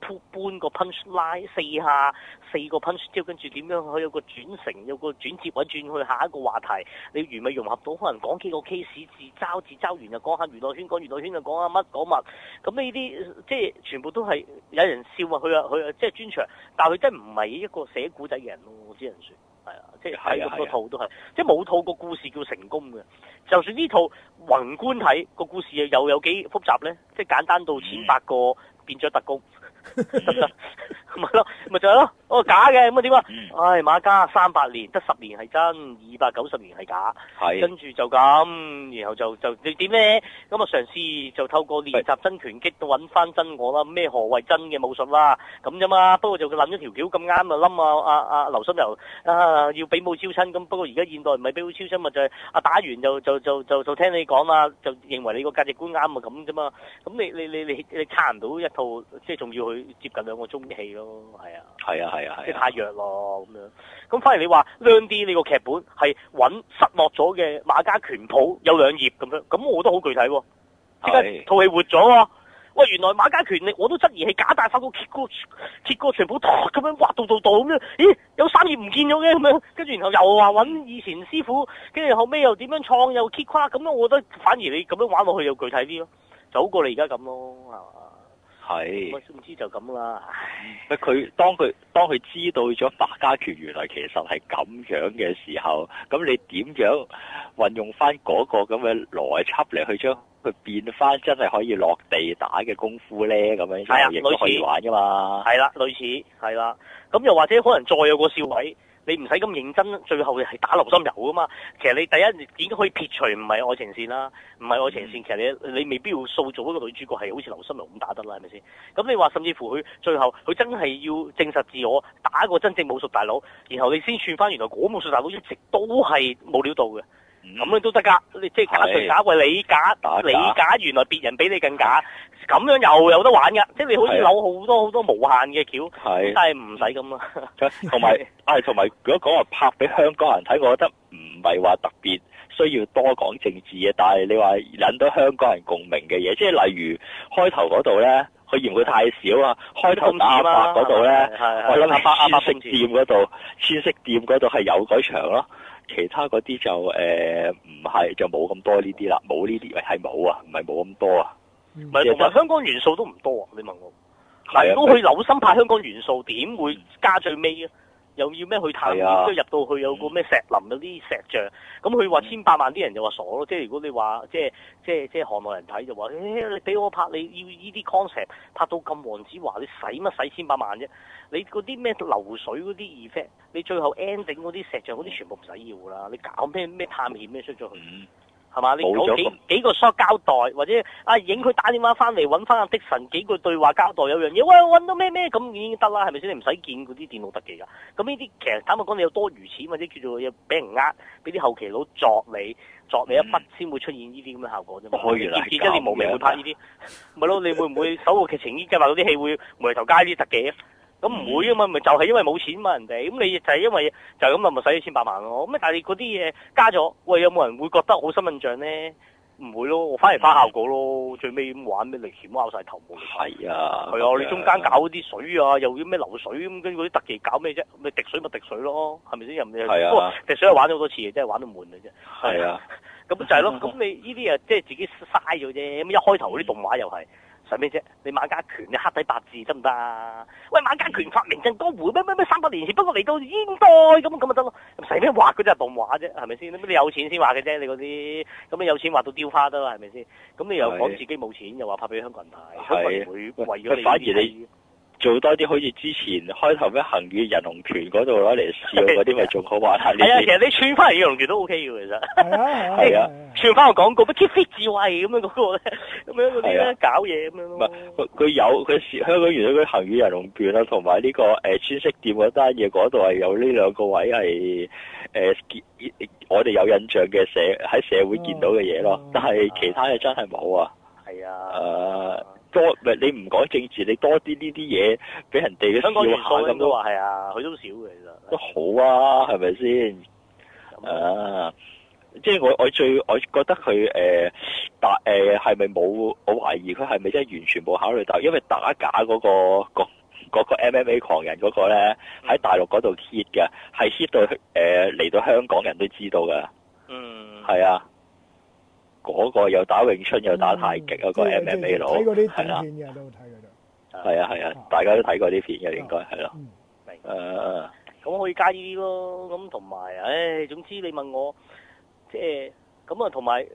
鋪半個 punch line 四下，四個 punch，之後跟住點樣佢有個轉成，有個轉接位，揾轉去下一個話題。你如未融合到，可能講幾個個 case，自嘲自嘲完就講下娛樂圈，講娛樂圈就講下乜講乜。咁呢啲即係全部都係有人笑啊！佢啊佢啊，即係、就是、專長，但佢真係唔係一個寫古仔嘅人咯，我只能說係啊，即係睇咁多套都係，即係冇套個故事叫成功嘅。就算呢套宏觀睇個故事又有幾複雜咧？即係簡單到前八個變咗特工，得唔得？咪、就、咯、是，咪就係咯。哦，假嘅咁啊點啊！唉、哎、馬家三百年得十年係真，二百九十年係假。係跟住就咁，然後就就，就你點咧？咁啊嘗試就透過練習真拳擊到揾翻真我啦。咩何為真嘅武術啦？咁啫嘛。不過就佢諗咗條橋咁啱啊！冧啊啊啊！劉心柔啊，心啊要比武超親咁。不過而家現代唔係比武超親嘛，就係、是、啊打完就就就就就，就，就，就聽你講啦，就認為你個價值觀啱啊咁啫嘛。咁你你你你你差唔到一套，即係仲要去接近兩個鐘嘅戲咯。係啊，係啊，係。即太弱咯咁樣，咁反而你話亮啲，你個劇本係搵失落咗嘅馬家拳譜有兩頁咁樣，咁我都好具體喎，而家套戲活咗喎。喂，原來馬家拳力我都質疑係假大化個鐵鍋，鐵鍋全譜咁樣挖到到到咁樣，咦，有三頁唔見咗嘅咁樣，跟住然後又話搵以前師傅，跟住後尾又點樣創又揭跨咁樣，我覺得反而你咁樣玩落去又具體啲咯，就好過你而家咁咯，係嘛？係，我知唔知就咁啦。佢當佢當佢知道咗百家拳原來其實係咁樣嘅時候，咁你點樣運用翻嗰個咁嘅邏輯嚟去將佢變翻真係可以落地打嘅功夫呢？咁樣亦都可以玩噶嘛。係啦，啊，類似係啦，咁、啊啊、又或者可能再有個笑位。你唔使咁認真，最後係打劉心柔啊嘛。其實你第一已經可以撇除唔係愛情線啦，唔係愛情線。情線嗯、其實你你未必要塑造一個女主角係好似劉心柔咁打得啦，係咪先？咁你話甚至乎佢最後佢真係要證實自我，打一個真正武術大佬，然後你先串返原來嗰武術大佬一直都係冇料到嘅。咁咧都得噶，你即係假對假，喂你假，你假，原來別人比你更假，咁樣又有得玩噶，即係你好似扭好多好多無限嘅橋，真係唔使咁啊。同埋，同埋， [laughs] 如果講話拍俾香港人睇，我覺得唔係話特別需要多講政治嘅，但係你話引到香港人共鳴嘅嘢，即係例如開頭嗰度咧，佢嫌佢太少啊，開頭打發嗰度咧，我諗下百百色店嗰度，千色店嗰度係有改場咯。其他嗰啲就誒唔係就冇咁多呢啲啦，冇呢啲喂，係冇啊，唔係冇咁多啊，唔係，同埋香港元素都唔多啊，你問我，嗱如果佢有心拍香港元素，點會加最尾啊？又要咩去探險都入到去有個咩石林嗰啲石像，咁佢話千百萬啲人就話傻咯。即係如果你話即係即係即係韓國人睇就話、欸，你俾我拍你要呢啲 concept，拍到咁黃子華你使乜使千百萬啫？你嗰啲咩流水嗰啲 effect，你最後 ending 嗰啲石像嗰啲全部唔使要啦。你搞咩咩探險咩出咗去？係嘛？你講幾幾個 shot 交代，或者阿影佢打電話翻嚟揾翻阿迪神幾句對話交代，有一樣嘢喂揾到咩咩咁已經得啦，係咪先？你唔使見嗰啲電腦特技噶。咁呢啲其實坦白講，你有多餘錢或者叫做要俾人呃，俾啲後期佬作你，作你一筆先會出現呢啲咁嘅效果啫。唔可以啦，你冇明會拍呢啲，咪咯？你會唔會首個劇情已經計劃到啲戲會無厘頭加啲特技啊？咁、嗯、唔會啊嘛，咪就係、是、因為冇錢嘛人哋，咁你就係因為就咁啊咪使千八萬咯。咁但係嗰啲嘢加咗，喂有冇人會覺得好新印象咧？唔會咯，我反嚟花效果咯、嗯。最尾咁玩咩嚟險拗晒頭冇。係啊，係啊，你、okay，中間搞啲水啊，yeah。又叫啲咩流水咁，跟住嗰啲特技搞咩啫？咪滴水咪滴水咯，係咪先又唔係啊？滴水又玩咗好多次，真係玩到悶嘅啫。係啊，咁就係、是、咯。咁你呢啲啊即係自己嘥咗啫。咁一開頭嗰啲動畫又係。使咩啫？你馬家拳你黑底白字得唔得？啊？喂，馬家拳發明喺江湖咩咩咩？三百年前，不過嚟到現代咁咁，咪得咯？使咩畫？佢隻動畫啫，係咪先？你有錢先畫嘅啫？你嗰啲咁，你有錢畫到雕花得啦，係咪先？咁你又講自己冇錢，又話拍俾香港人睇，香港人會為咗你做多啲，好似之前開頭咩恆宇人龍拳嗰度攞嚟試嗰啲，啊，咪仲好話？啲。係啊，其實你串返嚟，人龍拳都 OK 嘅，其實係啊，串翻個廣告咩 KeepFit 智慧咁樣嗰個咧，咁樣嗰啲咧搞嘢咁樣。唔係佢有佢香港原來嗰啲恆宇人龍拳啊，同埋呢個穿川、呃、店嗰單嘢嗰度係有呢兩個位係、呃、我哋有印象嘅社喺社會見到嘅嘢囉，但係其他嘢真係冇啊。係啊。誒、啊。啊啊多唔係你唔講政治，你多啲呢啲嘢俾人哋嘅笑嚇咁都，香港元素都話係啊，佢都少嘅其實。都好啊，係咪先？啊，即係我我最我覺得佢誒、呃、打誒係咪冇？我懷疑佢係咪真係完全冇考慮到，因為打假嗰、嗰個嗰個嗰個 MMA 狂人嗰個咧喺大陸嗰度 hit 嘅，係 hit 到誒嚟到香港人都知道㗎。嗯。係啊。嗰、那個又打詠春又打太極嗰個 MMA 佬，嗯、係、嗯、啦、係、就、啦、是啊，係啊係啊，啊，大家都睇過啲片嘅應該係咯，誒、啊、咁、啊啊嗯啊嗯、可以加依啲咯，咁同埋，唉、哎，總之你問我，即係咁啊，同埋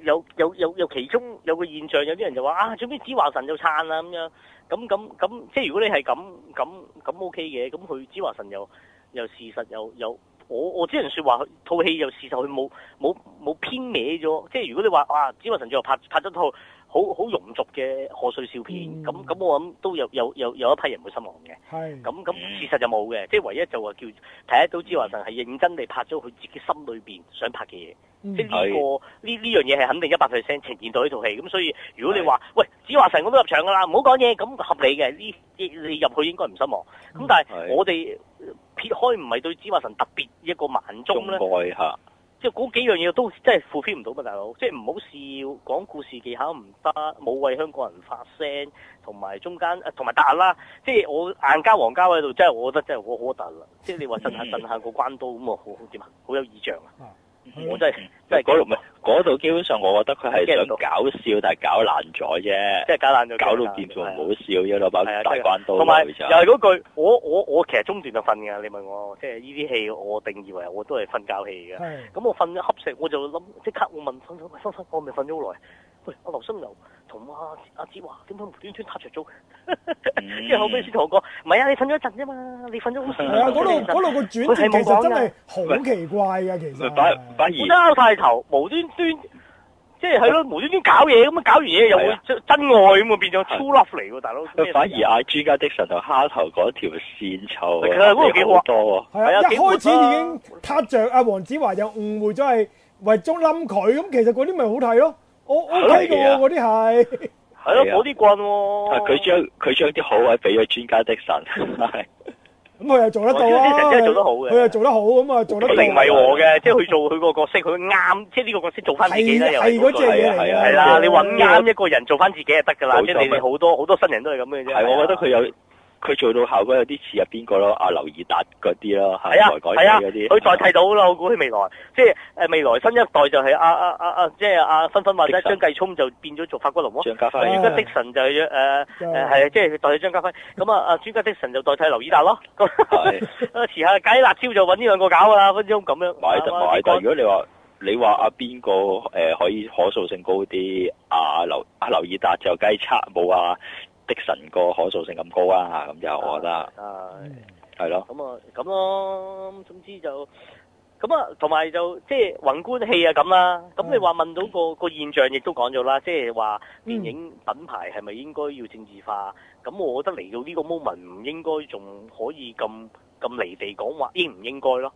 有有有有其中有個現象，有啲人就話啊，總之子華神就撐啦咁樣，咁咁咁，即係如果你係咁咁咁 OK 嘅，咁佢子華神又又事實又又。我我只能說話，套戲又事實佢冇冇冇偏歪咗。即係如果你話哇，啊《子華神最後拍拍咗套好好庸俗嘅賀歲笑片，咁、嗯、咁我諗都有有有有一批人會失望嘅。係咁咁，事實就冇嘅。即係唯一就話叫睇得到《子華神》係認真地拍咗佢自己心裏面想拍嘅嘢、嗯。即係呢、這個呢呢樣嘢係肯定一百 percent 呈現到呢套戲。咁所以如果你話喂《子華神》我都入場㗎啦，唔好講嘢，咁合理嘅。呢你入去應該唔失望。咁、嗯、但係我哋。撇開唔係對芝馬神特別一個萬中咧，即係嗰幾樣嘢都真係覆蓋唔到㗎，大佬，即係唔好試講故事技巧唔得，冇為香港人發聲，同埋中間，同埋打啦，即係我硬交王家衛喺度，真係我覺得真係好好打啦，即係你話震下震下個關刀咁啊，好好點啊，好有意象啊。嗯我真係、嗯，真係嗰度唔係度，嗯嗯、基本上我覺得佢係想搞笑，嗯、但係搞爛咗啫。即、就、係、是、搞爛咗，搞到變做唔好笑，要、啊、攞把大關刀，同埋又係嗰句，我我我其實中段就瞓噶，你問我，即係呢啲戲我定義為我都係瞓覺戲㗎。咁、啊、我瞓瞌睡，我就諗即刻我問瞓唔瞓？瞓、哎、瞓我咪瞓咗好耐。喂、哎，我留心又。同阿阿子華點解無端端塌着咗佢，即、啊、係、啊嗯、後尾先同我講，唔係啊，你瞓咗一陣啫嘛，你瞓咗好少。嗯、啊，嗰度嗰度個轉，其實 [laughs] 真係好奇怪啊，其實。反反而。我拉曬頭，無端端，即係係咯，無端端搞嘢咁啊，搞完嘢又會真愛咁啊，變咗 true love 嚟喎，大佬、啊。佢反而 IG 家的神同蝦頭嗰條線湊，其實都幾多喎。係啊，一開始已經塌着。阿黃子華又誤會咗係為中冧佢，咁其實嗰啲咪好睇咯。我我睇到啊，嗰啲係，係咯、啊，嗰啲棍。佢將佢將啲好位俾咗專家迪神，係。咁佢又做得到啊！佢又做得好嘅。佢又做得好咁啊，做得到。佢唔係我嘅， [laughs] 即係佢做佢個角色，佢 [laughs] 啱。即係呢個角色做翻自己又係如果係啊。係啦、啊啊啊啊，你揾啱一個人做翻自己就得噶啦。即係、就是、你哋好多好多新人都係咁嘅啫。係、啊啊，我覺得佢有。佢做到效果有啲似啊，邊個咯？阿劉以達嗰啲咯，係啊，啊改改嗰啲，佢、啊、代替到啦、啊。我估佢未來，即係未來新一代就係阿啊 [laughs] 啊即係阿芬芬話齋，張繼聰就變咗做法國龍喎。張家輝， [laughs] 專家的神就係誒誒係啊，即係、就係、代替張家輝。咁 [laughs] 啊，阿專家的神就代替劉以達咯。係、 [laughs] [laughs] 啊，遲下雞辣椒就揾呢兩個搞啊，分分鐘咁樣。買得買得，如果你話你話啊邊個誒可以可塑性高啲、 [laughs] 啊？啊劉阿劉以達就雞叉冇啊。Dixon、的神個可塑性咁高啊嚇，咁就我覺得係係咯，咁啊咁咯、啊，總之就咁啊，同埋就即係、就是、宏觀戲啊咁啦。咁你話問到個個現象，亦都講咗啦，即係話電影品牌係咪應該要政治化？咁、嗯、我覺得嚟到呢個 moment，唔應該仲可以咁咁離地講話應唔應該咯，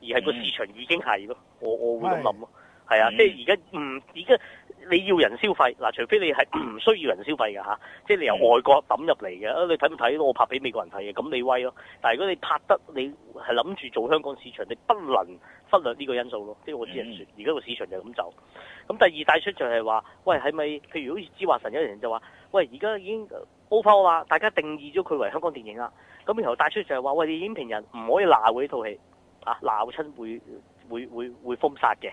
而係個市場已經係咯，我我會咁諗咯，係啊，即係而家唔而家。你要人消費，嗱除非你係唔 [coughs] 需要人消費嘅吓，即你由外國抌入嚟嘅，你睇唔睇？我拍俾美國人睇嘅，咁你威咯。但係如果你拍得，你係諗住做香港市場，你不能忽略呢個因素咯。即係我只能説，而家個市場就係咁走。咁第二帶出就係話，喂，係咪？譬如好似子華神一樣就話，喂，而家已經 open 啦，大家定義咗佢為香港電影啦。咁然後帶出就係話，喂，你影評人唔可以鬧佢呢套戲，啊鬧親會會會會封殺嘅。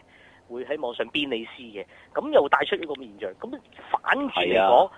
會喺網上鞭你屍嘅，咁又帶出呢個現象，咁反轉嚟講，《啊、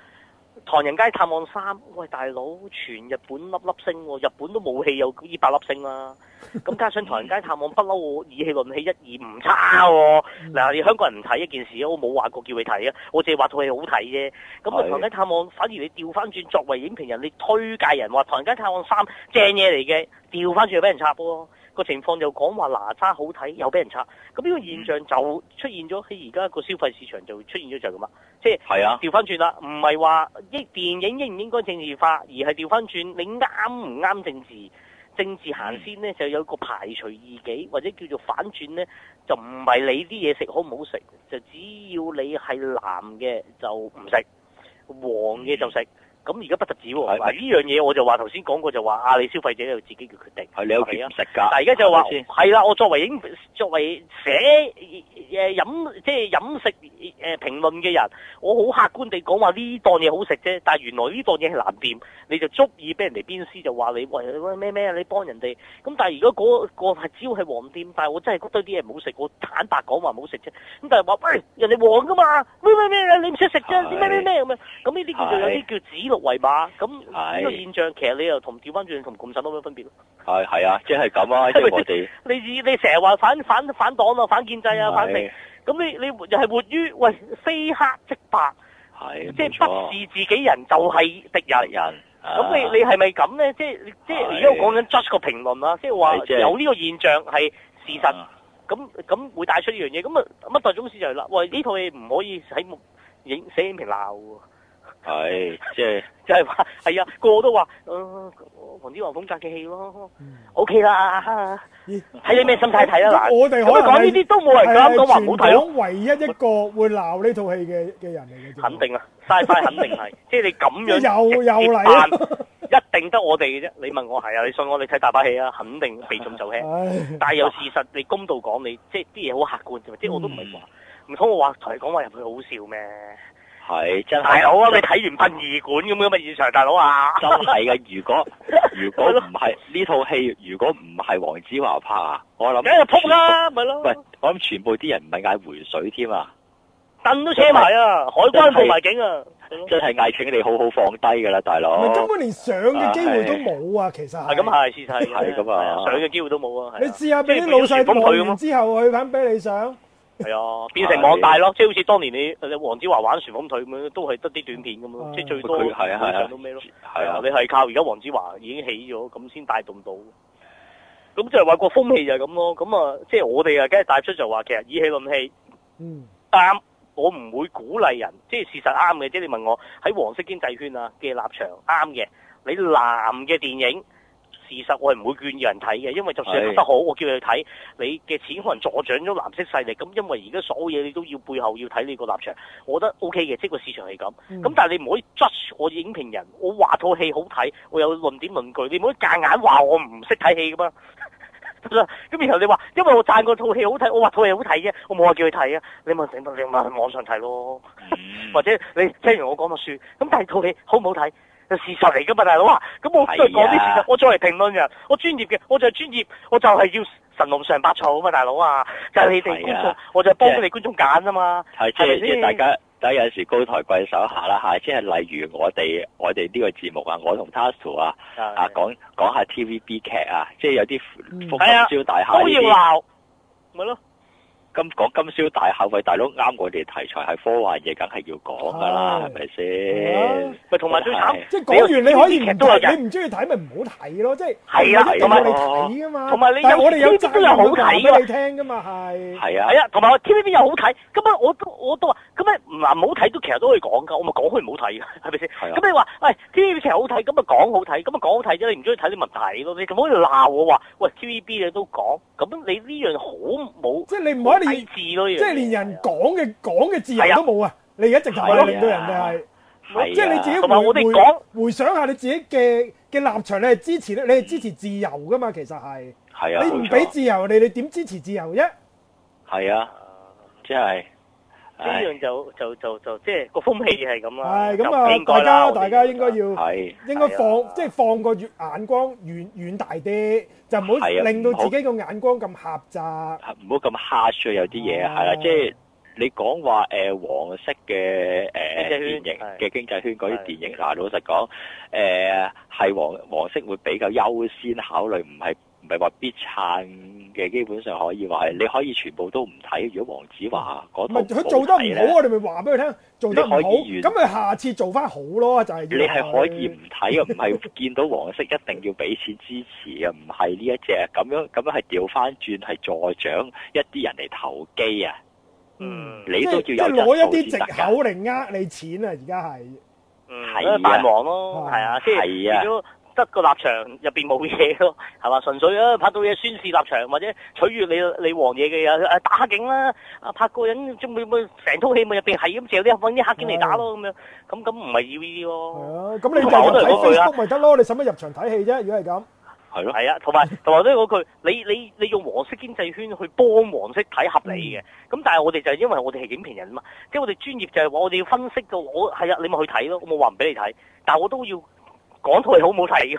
唐人街探案三》喂大佬，全日本粒粒星喎、哦，日本都冇戲有二百粒星啦、啊，咁 [laughs] 加上《唐人街探案》不嬲，我以戲論戲，一二唔差喎、哦。嗱、 [laughs] 啊，你香港人唔睇一件事啊，我冇話過叫你睇啊，我淨係話套戲好睇啫。咁《唐人街探案》反而你調翻轉，作為影評人，你推介人話《唐人街探案三》正嘢嚟嘅，調翻轉去俾人插波、哦。個情況又講話哪吒好睇，又俾人拆，咁呢個現象就出現咗，喺而家個消費市場就出現咗，就係咁即係調翻轉啦，唔係話電影應唔應該政治化，而係調翻轉你啱唔啱政治，政治行先呢，嗯、就有個排除異己或者叫做反轉呢，就唔係你啲嘢食好唔好食，就只要你係藍嘅就唔食，黃嘅就食。嗯咁而家不得止喎，呢樣嘢我就話頭先講過就，就話亞利消費者有自己嘅決定。喺你屋企食㗎。嗱而家就話係啦，我作為影，作為寫誒即係飲食誒評論嘅人，我好客觀地講話呢檔嘢好食啫。但係原來呢檔嘢係藍店，你就足以俾人哋鞭屍，就話你喂，咩咩，你幫人哋。咁但係如果嗰個係只要係黃店，但係我真係覺得啲嘢唔好食，我坦白講話唔好食啫。咁但係話喂，人哋黃㗎嘛，咩咩咩你唔想食啫？咩咩咩咁樣，咁呢啲叫做有啲叫指鹿為嘛？咁呢個現象，其實你又同調翻轉，同共產冇咩分別咯？係係啊，即係咁啊，即係我哋你你成日話反反反黨啊，反建制啊，反咩？咁你你又係活於喂，非黑即白，即係、就是、不是自己人就係敵人。咁你你係咪咁咧？即係即係，而家我講緊 judge 個評論啊，即係話有呢個現象係、就是、事實，咁咁會帶出呢樣嘢。咁啊乜代宗師就話啦喂，呢套嘢唔可以喺影寫影評鬧。死係、哎，即係，即係話係啊，個個都話、呃，嗯，黃子華風格嘅戲咯，O K 啦，睇你咩心態睇啊。嗯、我哋可以講呢啲都冇人敢講話唔好睇咯。唯一一個會鬧呢套戲嘅嘅人嚟嘅、嗯，肯定啦、啊，晒晒肯定係， [laughs] 即係你咁樣直接辦，一定得我哋嘅啫。你問我係啊，你信我，你睇大把戲啊，肯定避重就輕。但係有事實，你公道講，你即係啲嘢好客觀啫、嗯、即係我都唔係話，唔通我話同你講話入去好笑咩？係真係，大佬啊，就是！你睇完殯儀館咁樣嘅現場，大佬啊！真係噶，如果如果唔係呢套戲，如果唔係黃子華拍啊，我諗梗係撲啦，咪咯。喂，我諗全部啲人唔係嗌回水添啊，凳都車埋啊，海關報埋警啊，真係嗌請你好好放低噶啦，大佬。唔係根本連上嘅機會都冇啊，其實係。咁下先生係咁啊，上嘅機會都冇啊。你試下俾啲老細咁佢。之後，佢玩俾你上。係 [laughs] 啊，變成網大咯、啊，即係好似當年你你黃子華玩旋風腿咁樣，都係得啲短片咁咯、啊，即係最多，上到咩咯？係啊，啊，啊，啊，你係靠而家黃子華已經起咗，咁先帶動到。咁即係外國風氣就係咁咯。咁啊，即係我哋啊，梗係帶出就話，其實以氣論氣，啱、嗯。我唔會鼓勵人，即係事實啱嘅。即係你問我喺黃色經濟圈啊嘅立場啱嘅，你藍嘅電影。事實我係唔會願意人睇嘅，因為就算拍得好，我叫你去睇，你嘅錢可能助長咗藍色勢力。咁因為而家所有嘢你都要背後要睇呢個立場，我覺得 O K 嘅，即係個市場係咁。咁、嗯、但係你唔可以 judge 我影評人，我話套戲好睇，我有論點論據，你唔可以夾硬話我唔識睇戲㗎嘛。咁 [laughs] 然後你話，因為我贊嗰套戲好睇，我話套戲好睇啫，我冇話叫佢睇啊。你咪你咪去網上睇咯，嗯、或者你聽完我講個書。咁但係套戲好唔好睇？事實嚟噶嘛，大佬啊！咁我再講啲事實，啊、我作為評論人，我專業嘅，我就係專業，我就係要神龍嘗百草啊嘛，大佬啊！就係、是、你哋觀眾，啊、我就幫咗你哋觀眾揀啊嘛。係、就是、即係即大家即有時高抬貴手下啦即係例如我哋我哋呢個節目啊，我同 Tasuku 啊啊,啊講,講下 TVB 劇啊，即係有啲復古招大廈都、啊、要鬧，咪、就、咯、是。今講今宵大口味，大佬啱我哋題材係科幻嘢，梗係要講噶啦，係咪先？咪同埋最慘，即係講完你可以唔睇，你唔中意睇咪唔好睇咯，即係唔好睇啊嘛。同埋呢，TVB 都有好睇嘅，你聽噶嘛係係啊，同埋 TV TVB 又好睇，咁啊我都我都話，咁啊唔啊唔好睇都其實都可以講噶，我咪講佢唔好睇嘅係咪先？咁你話喂、哎、TVB 劇好睇，咁咪講好睇，咁咪講好睇啫，你唔中意睇啲問題咯，你咁可以鬧我話喂 TVB 你都講咁你呢樣好冇，即係你唔可以自即係連人講嘅講嘅自由都冇啊，啊！你一直家、啊、就係令到人哋係，即係你自己回、啊、回、回、回想下你自己嘅嘅立場，你係支持、嗯、你係支持自由㗎嘛？其實係、啊，你唔俾自由你、嗯，你點支持自由啫？係啊，即係。呢樣就就就就即係個風氣係咁啦，係咁啊！大家大家應該要係應該放即係放個遠眼光遠遠大啲，就唔好令到自己個眼光咁狹窄，唔好咁 harsh 啊！有啲嘢係啦，即係你講話誒黃色嘅誒即係圈型嘅經濟圈嗰啲電影嗱，老實講誒係黃黃色會比較優先考慮，唔係。唔係話必撐嘅，基本上可以話係，你可以全部都唔睇。如果黃子華嗰度唔睇咧，唔係佢做得唔好，我哋咪話俾佢聽做得唔好。咁咪下次做翻好咯，就係、是、你係可以唔睇啊，唔 [laughs] 係見到黃色一定要俾錢支持啊，唔係呢，一隻咁樣咁樣係調翻轉係助長一啲人嚟投機啊。嗯，即係、嗯就是、一攞一啲藉口嚟呃你錢啊，而家係嗯，因為、啊、敗咯，係啊，係啊。得個立場入邊冇嘢咯，係嘛？純粹啊，拍到嘢宣示立場或者取悦你你黃嘢嘅嘢，誒打黑警啦，啊,啊,啊拍個人，咁佢咪成套戲咪入邊係咁剩啲揾啲黑警嚟打咯咁樣，咁咁唔係要呢啲咯。咁你睇 Facebook 咪得咯， [laughs] 你使乜入場睇戲啫？如果係咁，係咯。係啊，同埋同埋都嗰句，你你你用黃色經濟圈去幫黃色睇合理嘅，咁、嗯、但係我哋就係、是、因為我哋係影評人啊嘛，即、就、係、是、我哋專業就係話我哋要分析到我係啊，你咪去睇咯，我冇話唔俾你睇，但係我都要。講套戲好唔好睇？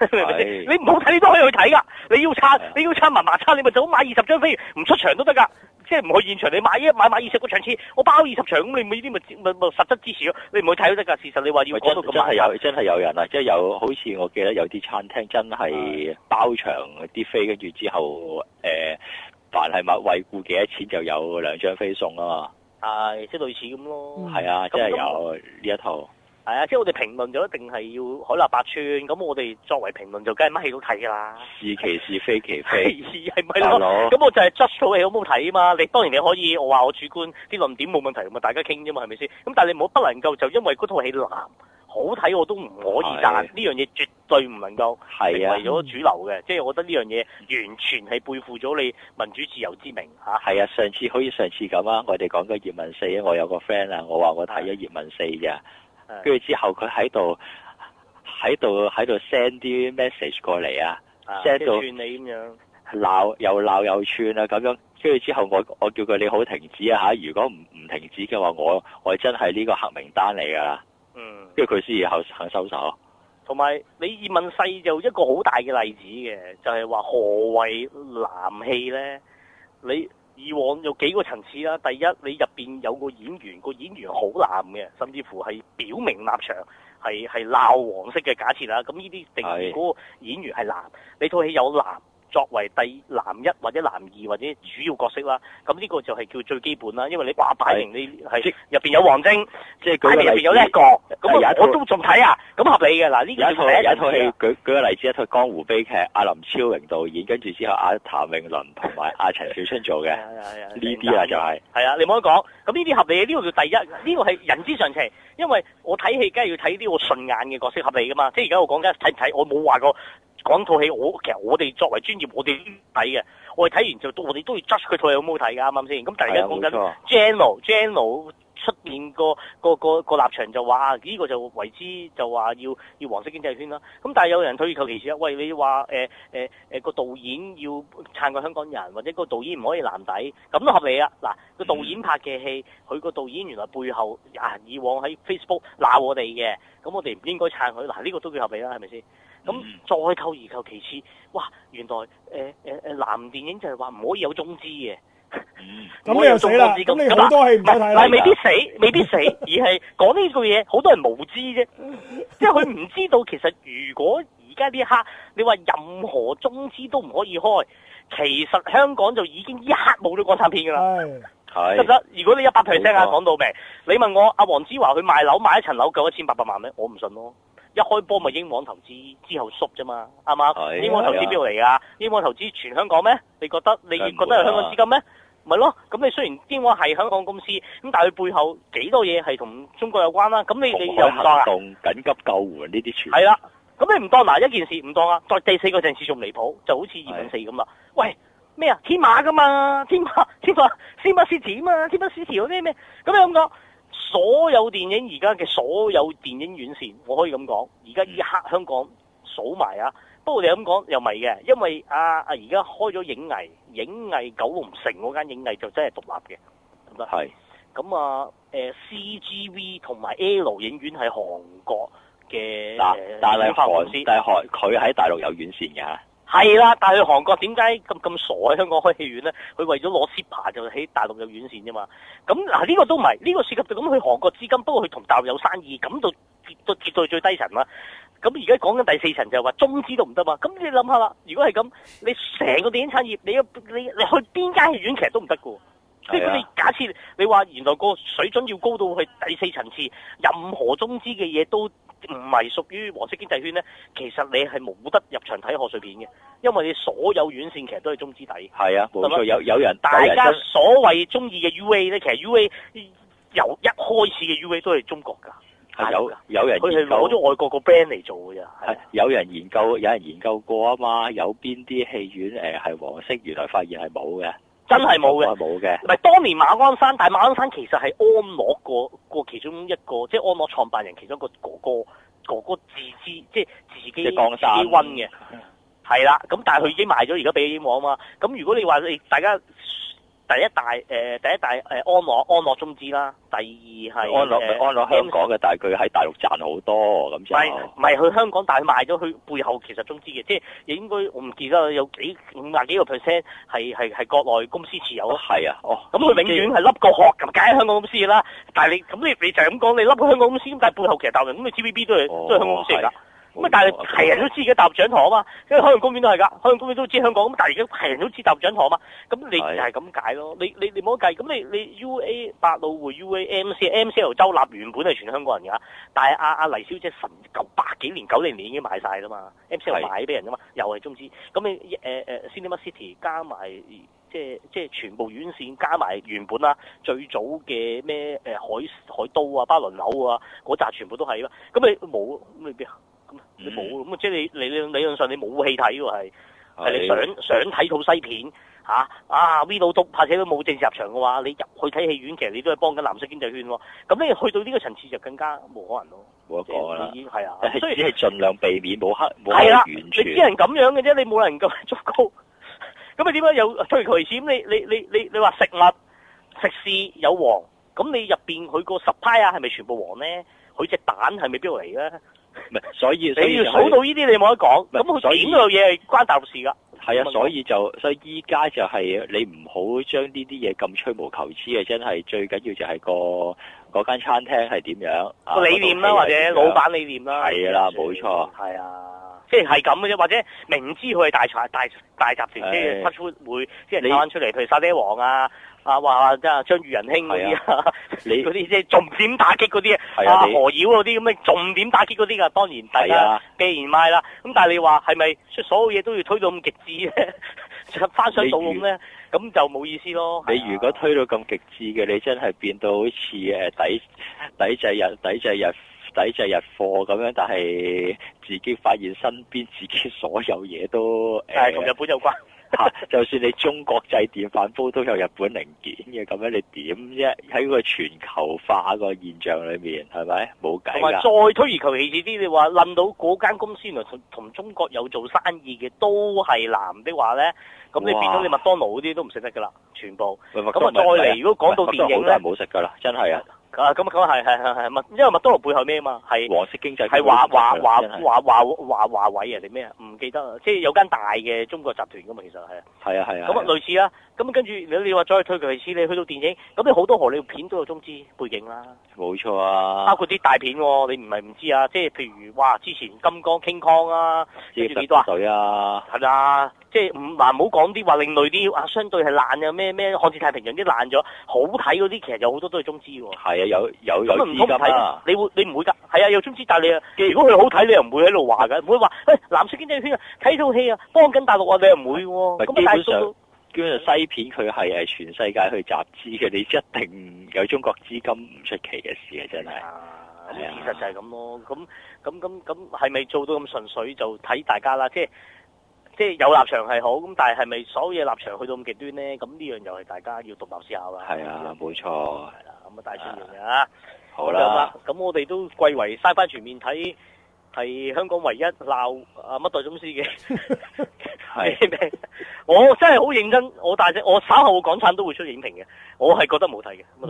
係 [laughs] 你唔好睇，你都可以去睇噶。你要撐，你要撐，麻麻撐，你咪就買二十張飛，唔出場都得噶。即係唔去現場，你買一買買二十個場次，我包二十場，咁你咪呢啲咪咪實質支持咯。你唔去睇都得噶。事實你話要講到咁，真係有，真係有人啊！即係有，有，好似我記得有啲餐廳真係包場啲飛，跟住之後誒，凡係物惠顧幾多錢就有兩張飛送啊嘛。係即係類似咁咯。係、嗯、啊，即係有呢一套。係啊，即係我哋評論就一定係要海納百川咁，我哋作為評論就梗係乜戲都睇噶啦。是其是非其非，係咪咯？咁 [laughs] 我就係 judge 套戲好唔好睇啊嘛。你當然你可以，我話我主觀啲論點冇問題，咁大家傾啫嘛，係咪先？咁但係你唔好不能夠就因為嗰套戲爛好睇我都唔可以，但呢樣嘢絕對唔能夠成為咗主流嘅。即係、啊就是、我覺得呢樣嘢完全係背負咗你民主自由之名吓。係啊，啊，上次好似上次咁啊，我哋講個葉問四，我有個 friend 啊，我話我睇咗葉問四嘅。跟住之後他在裡在裡在裡、啊，佢喺度喺度喺度 send 啲 message 過嚟啊，send 到鬧又鬧又串啦、啊、咁樣。跟住之後我，我我叫佢你好停止啊嚇，如果唔唔停止嘅話我，我我真係呢個黑名單嚟㗎喇。嗯，跟住佢先以後他才肯收手。同埋你葉問四就有一個好大嘅例子嘅，就係、是、話何謂南氣咧？你。以往有幾個層次啦，第一，你入面有個演員，個演員好藍嘅，甚至乎係表明立場係係鬧黃色嘅假設啦，咁呢啲定義，個演員係藍，你套戲有藍作為第男一或者男二或者主要角色啦，咁呢個就係叫最基本啦。因為你話擺明你係入面有王晶，即係入面有呢一個。咁我都仲睇啊，咁合理嘅。嗱呢個有套有套戲，舉舉個例子，一套、啊那個、江湖悲劇，阿林超榮導演，跟住之後阿譚詠麟同埋阿陳小春做嘅。呢啲啊，啊，啊就係、係、係啊，你唔可以講。咁呢啲合理，呢個叫第一，呢個係人之常情。因為我睇戲梗係要睇呢啲我順眼嘅角色合理噶嘛。即係而家我講緊睇唔睇，我冇話過。講套戲，我其實我哋作為專業，我哋睇嘅，我哋睇完就都我哋都要 judge 佢套戲好唔好睇噶，啱唔啱先？咁突然間講緊 Jenno，Jenno 出面個個個個立場就話呢個個就為之就話要要黃色經濟圈啦。咁但係有人退求其次啊，喂，你話誒誒誒個導演要撐個香港人，或者個導演唔可以藍底，咁都合理啊？嗱，個導演拍嘅戲，佢、嗯、個導演原來背後啊以往喺 Facebook 鬧我哋嘅，咁我哋唔應該撐佢嗱，呢、呢個都叫合理啦，係咪先？咁、嗯、再扣而求其次，哇！原來誒誒誒，男、呃呃、電影就係話唔可以有中資嘅。咁、嗯嗯嗯、你又死啦！咁你多但係未必死，未必死， [laughs] 而係講呢句嘢，好多人無知啫。即係佢唔知道，其實如果而家呢一刻，你話任何中資都唔可以開，其實香港就已經一刻冇咗港產片㗎啦。係， [laughs] 得唔得？如果你一百 percent，啊講到明，你問我阿黃子華去賣樓買一層樓夠一千八百萬咩？我唔信咯。一開波咪英皇投資之後縮啫嘛，啱嘛、啊？英皇投資邊度嚟噶，英皇投資全香港咩？你覺得你覺得係香港資金咩？咪咯、啊，咁、就、你、是、雖然英皇係香港公司，咁但係佢背後幾多嘢係同中國有關啦。咁你你又唔當、啊？緊急救援呢啲全係啦。咁你唔當嗱、啊、一件事唔當啊？再第四個陣時仲離譜，就好似葉問四咁啦。喂，咩啊？天馬噶嘛？天馬天馬，天馬輸錢啊？天馬輸錢嗰啲咩？咁咁講。所有電影而家嘅所有電影院線，我可以咁講，而家呢一刻香港數埋啊！不過你咁講又唔係嘅，因為啊啊而家開咗影藝，影藝九龍城嗰間影藝就真係獨立嘅，咁唔咁啊、呃、CGV 同埋 ALO 影院係韓國嘅、啊，但係韓、呃、但係佢喺大陸有院線嘅吓。係啦，但係去韓國點解咁咁傻喺香港開戲院咧？佢為咗攞 s u p 就喺大陸有院線啫嘛。咁嗱呢個都唔係，呢、呢個涉及到咁去韓國資金，不過佢同大陸有生意，咁就到絕對最低層啦。咁而家講緊第四層就係話中資都唔得嘛。咁你諗下啦，如果係咁，你成個電影產業，你你你，你去邊間戲院其實都唔得嘅。即係你假設你話原來個水準要高到去第四層次，任何中資嘅嘢都。唔係屬於黃色經濟圈咧，其實你係冇得入場睇賀歲片嘅，因為你所有院線其實都係中資底。係啊，冇錯，是是有有人大家所謂中意嘅 UA 咧，其實 UA 由一開始嘅 UA 都係中國㗎，有有人佢係攞咗外國個 brand 嚟做㗎咋。有人研究，有人研究，有人研究過啊嘛，有邊啲戲院誒係黃色，原來發現係冇嘅。真係冇嘅，冇嘅。唔係當年馬鞍山，但係馬鞍山其實係安樂過過其中一個，即係安樂創辦人其中一個哥哥哥哥自知，即係自己自溫嘅。係啦，咁但係佢已經賣咗，而家俾咗英皇啊嘛。咁如果你話你大家。第一大誒、呃、第一大誒安樂安樂中資啦，第二係安樂、呃、安樂香港嘅，但係佢喺大陸賺好多咁。唔係唔係去香港，但係賣咗去背後其實中資嘅，即係應該我唔記得有幾五廿幾個 percent 係係係國內公司持有咯。係啊，啊，哦，咁、嗯、佢、哦哦、永遠係笠個殼咁解香港公司啦。但係你咁你你就咁講，你笠個香港公司，咁但係背後其實大陸咁，你 TVB 都係都係香港公司嚟㗎。哦咁但係係人都知而家搭獎堂啊嘛，因為海洋公園都係㗎，海洋公園都知香港咁。但係而家係人都知搭獎堂啊嘛，咁你就係咁解咯。你你你唔好計咁，你你 U A 百老匯 U A M C M C L 州立原本係全香港人㗎，但係阿阿黎小姐成九百幾年九零年已經賣晒啦嘛，M C L 賣俾人㗎嘛，嘛又係中資咁你誒誒、呃、Cinema City 加埋即係即係全部院線加埋原本啦，最早嘅咩誒海海都啊、巴倫樓啊嗰扎全部都係啦，咁你冇咩邊你冇咁即係理理理論上你冇戲睇喎，係、啊、係你想、啊、想睇套西片吓啊！video 都拍攝都冇正式入場嘅話，你入去睇戲院，其實你都係幫緊藍色經濟圈喎。咁你去到呢個層次就更加冇可能咯。冇得講啦，係、就、啊、係，所以只係儘量避免冇黑冇完全。係啦，你只能咁樣嘅啫，你冇人足夠足高。咁你點解有推佢線？你你你你你話食物食肆、有黃咁？你入邊佢個十派啊，係咪全部黃咧？佢隻蛋係咪邊度嚟咧？唔係，所以，所以、就係、你要數到呢啲，你冇得講。咁佢，點到嘢係關大事㗎。係啊，所以就所以依家就係你唔好將呢啲嘢咁吹毛求疵、那個、啊！真係最緊要就係個嗰間餐廳係點樣個理念啦，或者老闆理念、啊、啦。係啦，冇錯係啊。即係係咁嘅啫，或者明知佢係大大大集團，即係出出會，即係攤出嚟，譬如沙爹王啊，啊話即係張宇人兄嗰啲，嗰啲即係重點打擊嗰啲啊，何妖嗰啲咁嘅重點打擊嗰啲噶，當然抵啊，既然賣啦。咁但係你話係咪所有嘢都要推到咁極致呢？ [laughs] 翻上到咁咧？咁就冇意思咯。你如果推到咁極致嘅，你真係變到好似抵抵制日 [laughs] 抵制日抵制日貨咁樣，但係自己發現身邊自己所有嘢都係同日本有關。嚇！ [laughs] 就算你中國製電飯煲都有日本零件嘅咁樣，你點啫？喺個全球化個現象裏面，係咪冇計？同埋再推而求其次啲，你話諗到嗰間公司同同中國有做生意嘅都係男的話咧，咁你變咗你麥當勞啲都唔食得噶啦，全部。咁啊，再嚟、啊、如果講到電影咧，唔冇食噶啦，真係啊！啊，咁咁係係係係因為麥當勞背後咩啊嘛，係黃色經濟，經濟，係華華華華華華華、華、華、華、華、華、華為啊定咩啊？唔記得啊，即係有間大嘅中國集團噶嘛，其實係啊，係啊係啊。咁啊類似啦，咁、啊、跟住你你話再退求其次，你去到電影，咁你好多荷里片都有中資背景啦。冇錯啊，包括啲大片喎，你唔係唔知啊，即係譬如哇，之前《金剛》King Kong 你啊，知唔知幾多啊？水啊，係啊。即係唔嗱，唔好講啲話另類啲，啊相對係爛嘅咩咩，漢字太平洋啲爛咗，好睇嗰啲其實有好多都係中資喎。係啊，有有，有資金啊。咁你會你唔會噶？係啊，有中資，但係你啊，如果佢好睇，你又唔會喺度話嘅，唔會話，喂、哎，藍色經濟圈啊，睇套戲啊，幫緊大陸啊，你又唔會喎。咁啊，基本上都都基本上西片佢係係全世界去集資嘅，你一定有中國資金唔出奇嘅事嘅，真係。係啊、yeah，其實就係咁咯。咁咁咁咁係咪做到咁純粹？就睇大家啦，即係。即係有立場係好，咁但係係咪所有嘢立場去到咁極端咧？咁呢樣又係大家要獨立思考啦。係啊，冇錯。係啦，咁啊，大眾嘅好啦。咁我哋都貴為 Sci-Fi 全面睇，係香港唯一鬧啊乜代宗師嘅。係 [laughs] 是的。 [laughs] 我真係好認真，我大我稍後我港產都會出影評嘅。我係覺得冇睇嘅，咁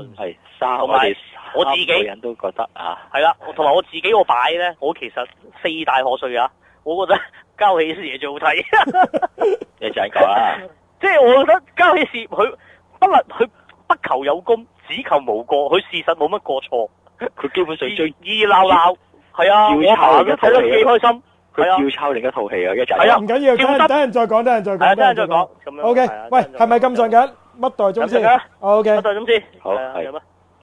啊，同、嗯、埋我自己人都覺得啊。係啦，同埋我自己我擺咧， [laughs] 我其實四大賀歲啊，我覺得。交戲嘅嘢最好睇， [laughs] 一陣講啊！即係我覺得交戲事，佢不能佢不求有功，只求無過。佢事實冇乜過錯，佢基本上最依鬧鬧係係啊，要抄另一套嚟，幾開心。佢照抄另一套戲啊，一陣。係唔緊要，等陣再講，等陣再講，等陣再講。啊、o、okay, K，喂，係咪咁上緊？乜代宗師？O K，乜代宗師？好係咁啊。